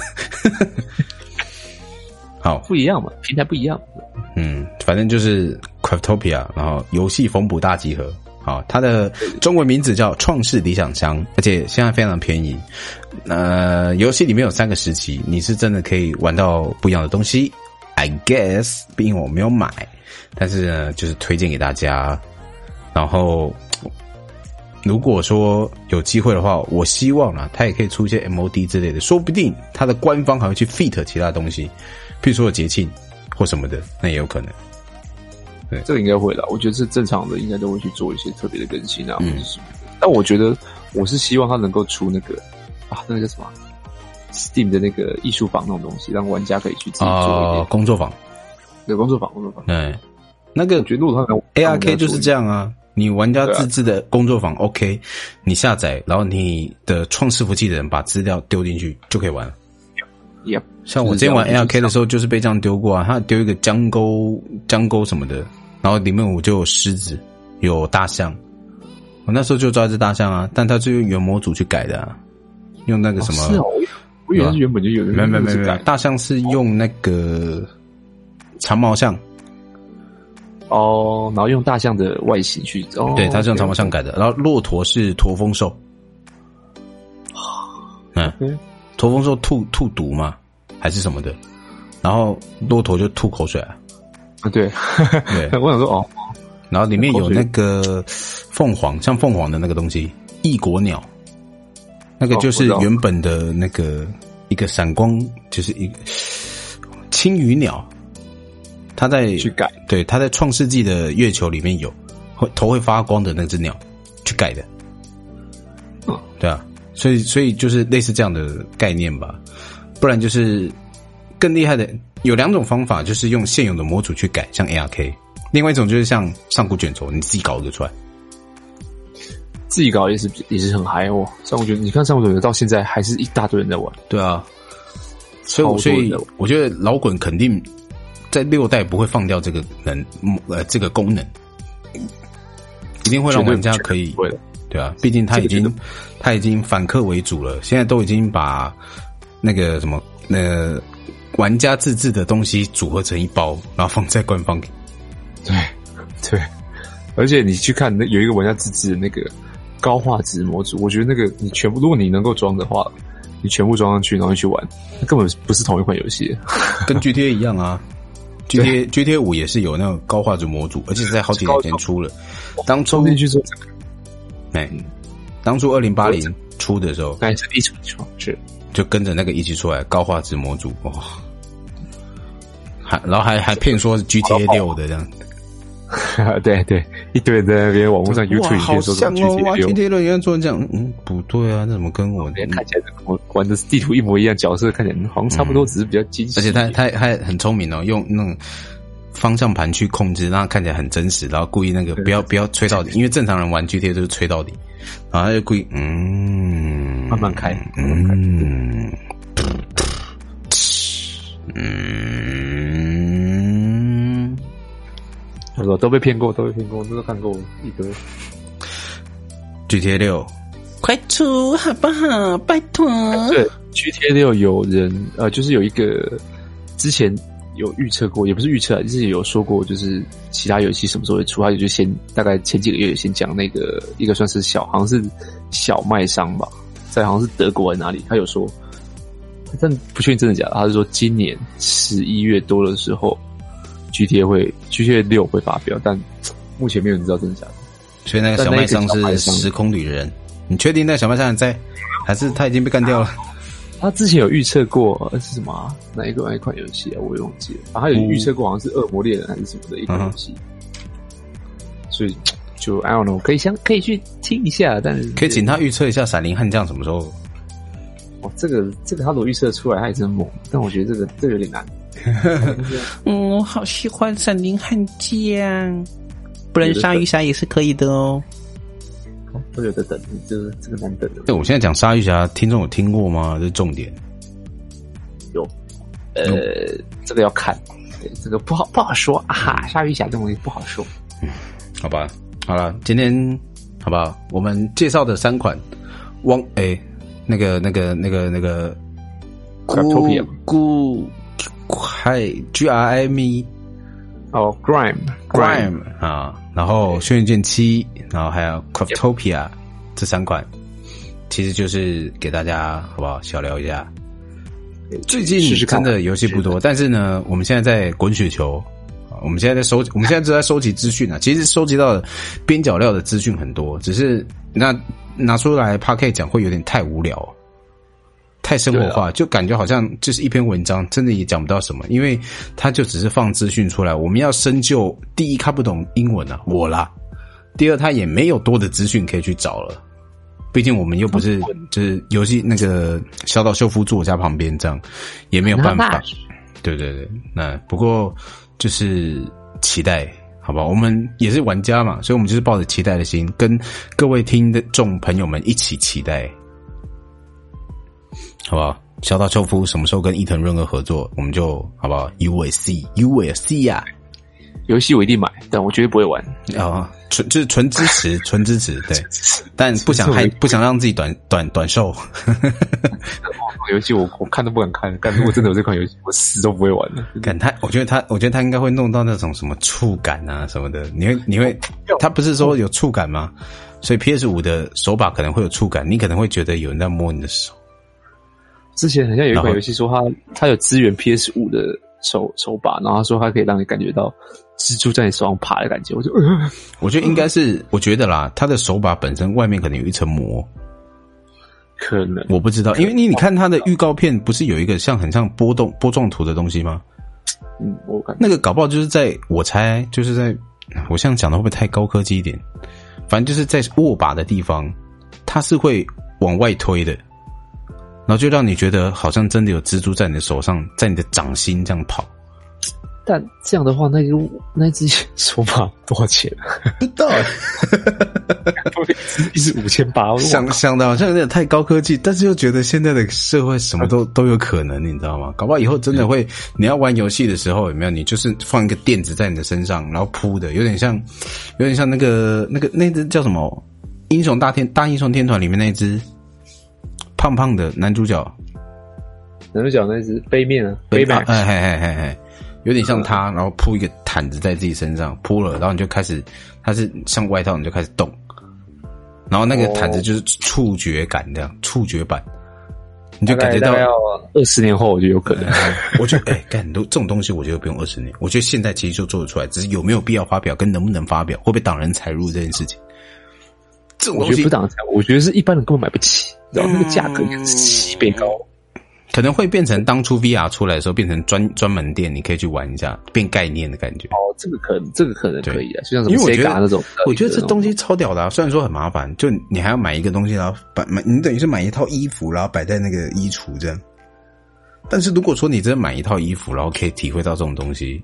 好不一樣嘛，平台不一樣，嗯，反正就是 Craftopia 然後遊戲縫補大集合。好，它的中文名字叫《創世理想箱》，而且現在非常便宜。呃，遊戲裡面有三個時期，你是真的可以玩到不一樣的東西。I guess，畢竟我沒有買，但是呢就是推薦給大家。然後，如果說有機會的話，我希望呢，它也可以出一些 MOD 之類的，說不定它的官方還會去 feat 其他東西，比如說節慶或什麼的，那也有可能。對，這個應該會的，我覺得是正常的，應該都會去做一些特別的更新啊，嗯、或者但我覺得我是希望它能夠出那個啊，那個叫什麼 Steam 的那個藝術坊那種東西，讓玩家可以去自己做一、呃、工作坊。有工作坊，工作坊。對。那個角度得他能，我 ARK 就是這樣啊，你玩家自制的工作坊，啊，OK，你下載，然後你的創世伺服器的人把資料丟進去就可以玩了。Yep, 像我之前玩 ARK 的時候，就是被這樣丟過啊。他丟一個江溝江溝什麼的，然後裡面我就有獅子，有大象。我那時候就抓一隻大象啊，但它是用原模組去改的、啊，用那個什麼？哦是哦，原、啊、原本就有，沒沒沒沒。大象是用那個長毛象哦，然後用大象的外形去，哦、對，它是用長毛象改的。okay. 然後駱駝是駝峰獸，嗯。Okay. .駝峰說吐吐毒嗎？還是什麼的？然後駱駝就吐口水啊？啊，對，對，我想說哦。然後裡面有那個鳳凰，像鳳凰的那個東西，異國鳥，那個就是原本的那個一個閃光，就是一個青魚鳥，它在去改，對，它在創世紀的月球裡面有會頭會發光的那只鳥去改的，對啊。所以，所以就是類似這樣的概念吧，不然就是更厲害的。有兩種方法，就是用現有的模組去改，像 A R K；另外一種就是像上古卷軸，你自己搞得出來。自己搞也是也是很嗨哦。像我覺得，你看上古卷軸到現在還是一大堆人在玩。對啊，所以所以我覺得老滾肯定在六代不會放掉這個能呃這個功能，一定會讓玩家可以。啊，畢竟它已經它已經反客為主了。現在都已經把那個什麼呃玩家自制的東西組合成一包，然後放在官方。對對，而且你去看那有一個玩家自制的那個高畫質模組，我覺得那個你全部如果你能夠裝的話，你全部裝上去然後去玩，那根本不是同一款遊戲，跟 GTA 一樣啊。GTA GTA 五也是有那種高畫質模組，而且是在好幾年前出了，當抽進去之後。哎、嗯，當初二零八零出的時候，跟成一出就就跟着那個一起出來高畫質模組哇、哦，還然後還行還騙說是 GTA 六的這樣子，對對、哦，一堆在那邊網絡上有推說說 GTA 六 GTA 六原來做這樣，嗯不對啊，那怎麼跟我連看起來我玩的地圖一模一樣，角色看起來好像差不多，只是比較精細、嗯，而且他他還很聰明哦，用那種。方向盤去控制，讓他看起來很真實，然後故意那個不要不要催到底，因為正常人玩 GTA 都是催到底，然後他就故意嗯慢慢開,慢慢開嗯，嗯，他說都被騙過，都被騙過，我都,都看過一堆 GTA 六，快出好不好？拜托，對 GTA 六有人呃，就是有一個之前。有預測過，也不是預測啊，就是有說過，就是其他遊戲什麼時候會出，他就就先，大概前幾個月先講那個一個算是小，好像是小麥商吧，在好像是德國還是哪裡，他有說，但不確定真的假的，他是說今年十一月多的時候，GTA 會 GTA 六會發表，但目前沒有人知道真的假的，所以那個小麥商是時空旅人，你確定那個小麥商在還是他已經被幹掉了？ 他之前有預測過、啊、是什麼、啊？哪一個哪一款遊戲啊？我也忘記了。反、啊、正有預測過，好像是《惡魔獵人》還是什麼的一款遊戲。嗯、哼所以就 I don't know，可以先可以去聽一下，但是可以請他預測一下靈怎《閃靈悍將》什麼時候。哦，這個這個他都預測出來還真猛，但我覺得這個這個有點難。 啊、嗯，我好喜歡《閃靈悍將》，不能鯊魚俠也是可以的哦。都有在等，就這個難得，對對對，對我現在講鯊魚俠，聽眾有聽過嗎？這、就是、重點。有，呃，這個要看，對，這個不好不好說啊。鯊、嗯、魚俠這東西不好說。嗯，好吧，好啦，今天好吧，我們介紹的三款，王哎、欸，那個那個那個那個，古古海 grime 哦 grime grime 啊。然後《軒轅劍七》，然後還有 opia, 對《Craftopia》這三款，其實就是給大家好不好小聊一下。試試最近真的遊戲不多，試試試試但是呢，我們現在在滾雪球，我們現在在收，我們現在正在收集資訊呢、啊。其實收集到邊角料的資訊很多，只是那拿出來 Parker 講會有點太無聊。太生活化，就感覺好像就是一篇文章，真的也講不到什麼，因為他就只是放資訊出來。我們要深究，第一看不懂英文啊，我啦；第二，他也沒有多的資訊可以去找了。畢竟我們又不是就是遊戲那個小島秀夫住我家旁邊這樣，也沒有辦法。對對對，那不過就是期待，好不好？我們也是玩家嘛，所以我們就是抱着期待的心，跟各位聽眾朋友們一起期待。好不好，小島秀夫什麼時候跟伊藤潤二合作，我們就好不好？U A C U A C 呀，遊戲、啊、我一定買，但我絕對不會玩啊，純、哦嗯、就是純支持，純 支持，對，支持但不想還不想讓自己短短短壽。這款遊戲我我，我，我看都不敢看，但如果我真的有這款遊戲， 我死都不會玩的。感嘆，我覺得他，我覺得他應該會弄到那種什麼觸感啊什麼的，你會你會，他不是說有觸感嗎？所以 P S 五的手把可能會有觸感，你可能會覺得有人在摸你的手。之前好像有一款遊戲說它後它有支援 PS 五的手手把，然後它說它可以讓你感覺到蜘蛛在你手上爬的感覺。我就、呃、我覺得應該是，呃、我覺得啦，它的手把本身外面可能有一層膜，可能我不知道，能因為你你看它的預告片，不是有一個像很像波動波狀圖的東西嗎？嗯，我感那個搞不好就是在，我猜就是在，我現在講的會不會太高科技一點？反正就是在握把的地方，它是會往外推的。然後就讓你覺得好像真的有蜘蛛在你的手上，在你的掌心這樣跑。但這樣的話，那個那只手跑多少錢？不知道，一隻五千八想。想想的，好像有點太高科技，但是又覺得現在的社會什麼都好都有可能，你知道嗎？搞不好以後真的會，嗯、你要玩遊戲的時候有沒有？你就是放一個墊子在你的身上，然後鋪的，有點像，有點像那個那個那只、個、叫什麼《英雄大天大英雄天團》裡面那只。胖胖的男主角，男主角那是背面啊，背面、嗯，哎、欸、有點像他，嗯、然後鋪一個毯子在自己身上鋪了，然後你就開始，他是像外套，你就開始動，然後那個毯子就是觸覺感這樣，觸、哦、覺版，你就感覺到。二十年後我就有可能，我覺得哎，很、欸、多這種東西，我覺得不用二十年， 我覺得現在其實就做得出來，只是有沒有必要發表，跟能不能發表，會不會擋人財路這件事情。這我覺得不擋財，我覺得是一般人根本買不起，然後、嗯、那個價格也是一起變高。可能會變成當初 VR 出來的時候，變成專專門店，你可以去玩一下，變概念的感覺。哦，這個可能，這個可能可以啊，對就像什麼 Sega 那種？我覺得這東西超屌的、啊，雖然說很麻煩，就你還要買一個東西、啊，然後擺買，你等於是買一套衣服，然後擺在那個衣櫥這樣。但是如果說你真的買一套衣服，然後可以體會到這種東西，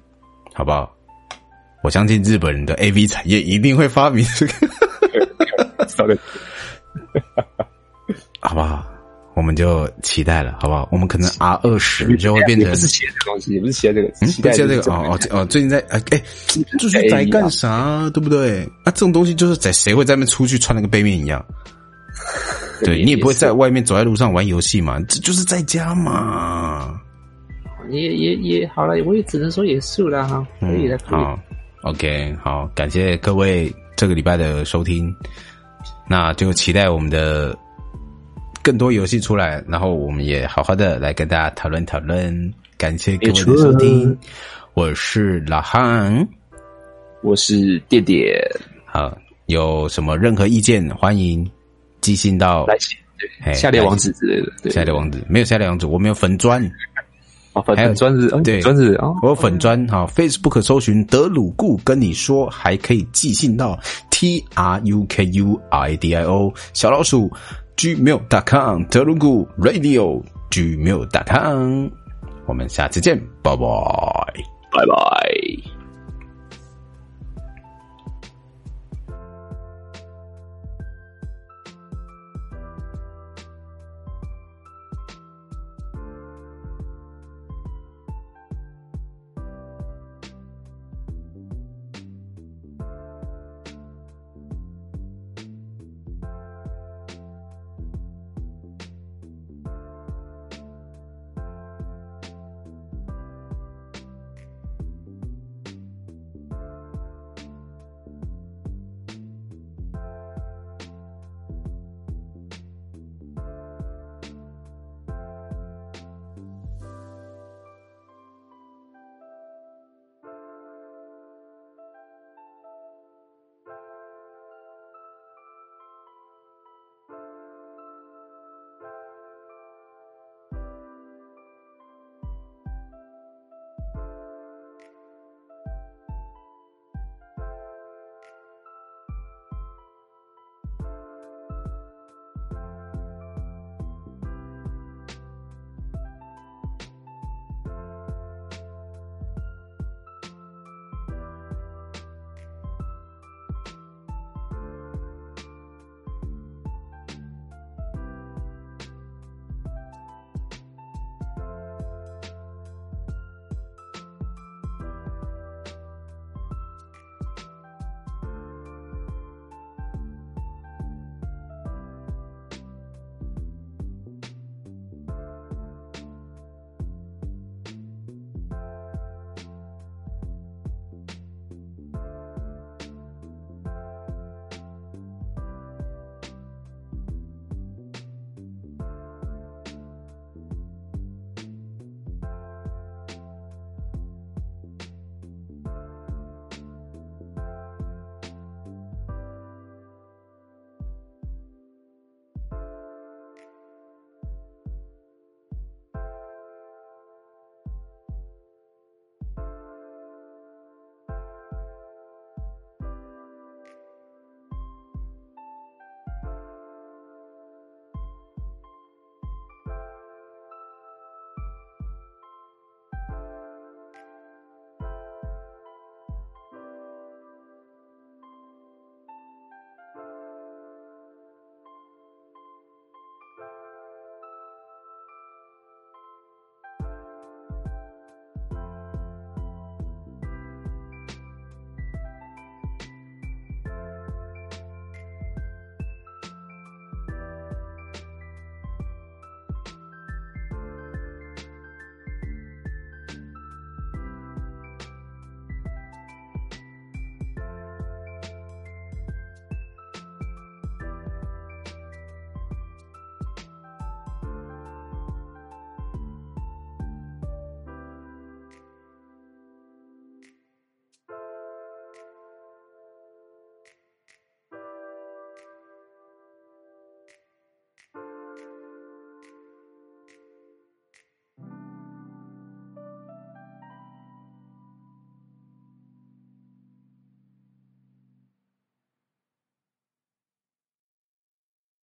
好不好？我相信日本人的 AV 產業一定會發明這個。 少個，好不好？我們就期待了，好不好？我們可能 R 二十就會變成不是寫這個東西，也不是寫這個，不是寫這個哦哦哦！最近在哎哎，就是宅幹啥，對不對？那這種東西就是在誰會在外面出去穿那個背面一樣？對，你也不會在外面走在路上玩遊戲嘛，這就是在家嘛。也也也好了，我也只能說也是了哈，可以了，好 OK，好，感謝各位。這個禮拜的收聽，那就期待我們的更多遊戲出來，然後我們也好好的來跟大家討論討論。感謝各位的收聽，我是老漢，我是弟弟。好，有什麼任何意見，歡迎寄信到下列王子之類的。下列嘿王子，沒有下列王子，我沒有粉磚。哦，粉專子還有專嗯對，專啊、哦、我有粉專，哈、嗯、，Facebook 搜尋德魯固跟你說，還可以寄信到 T R U K U I D I O 小老鼠 gmail.com 德魯固 radio.gmail.com，我們下次見，拜拜，拜拜。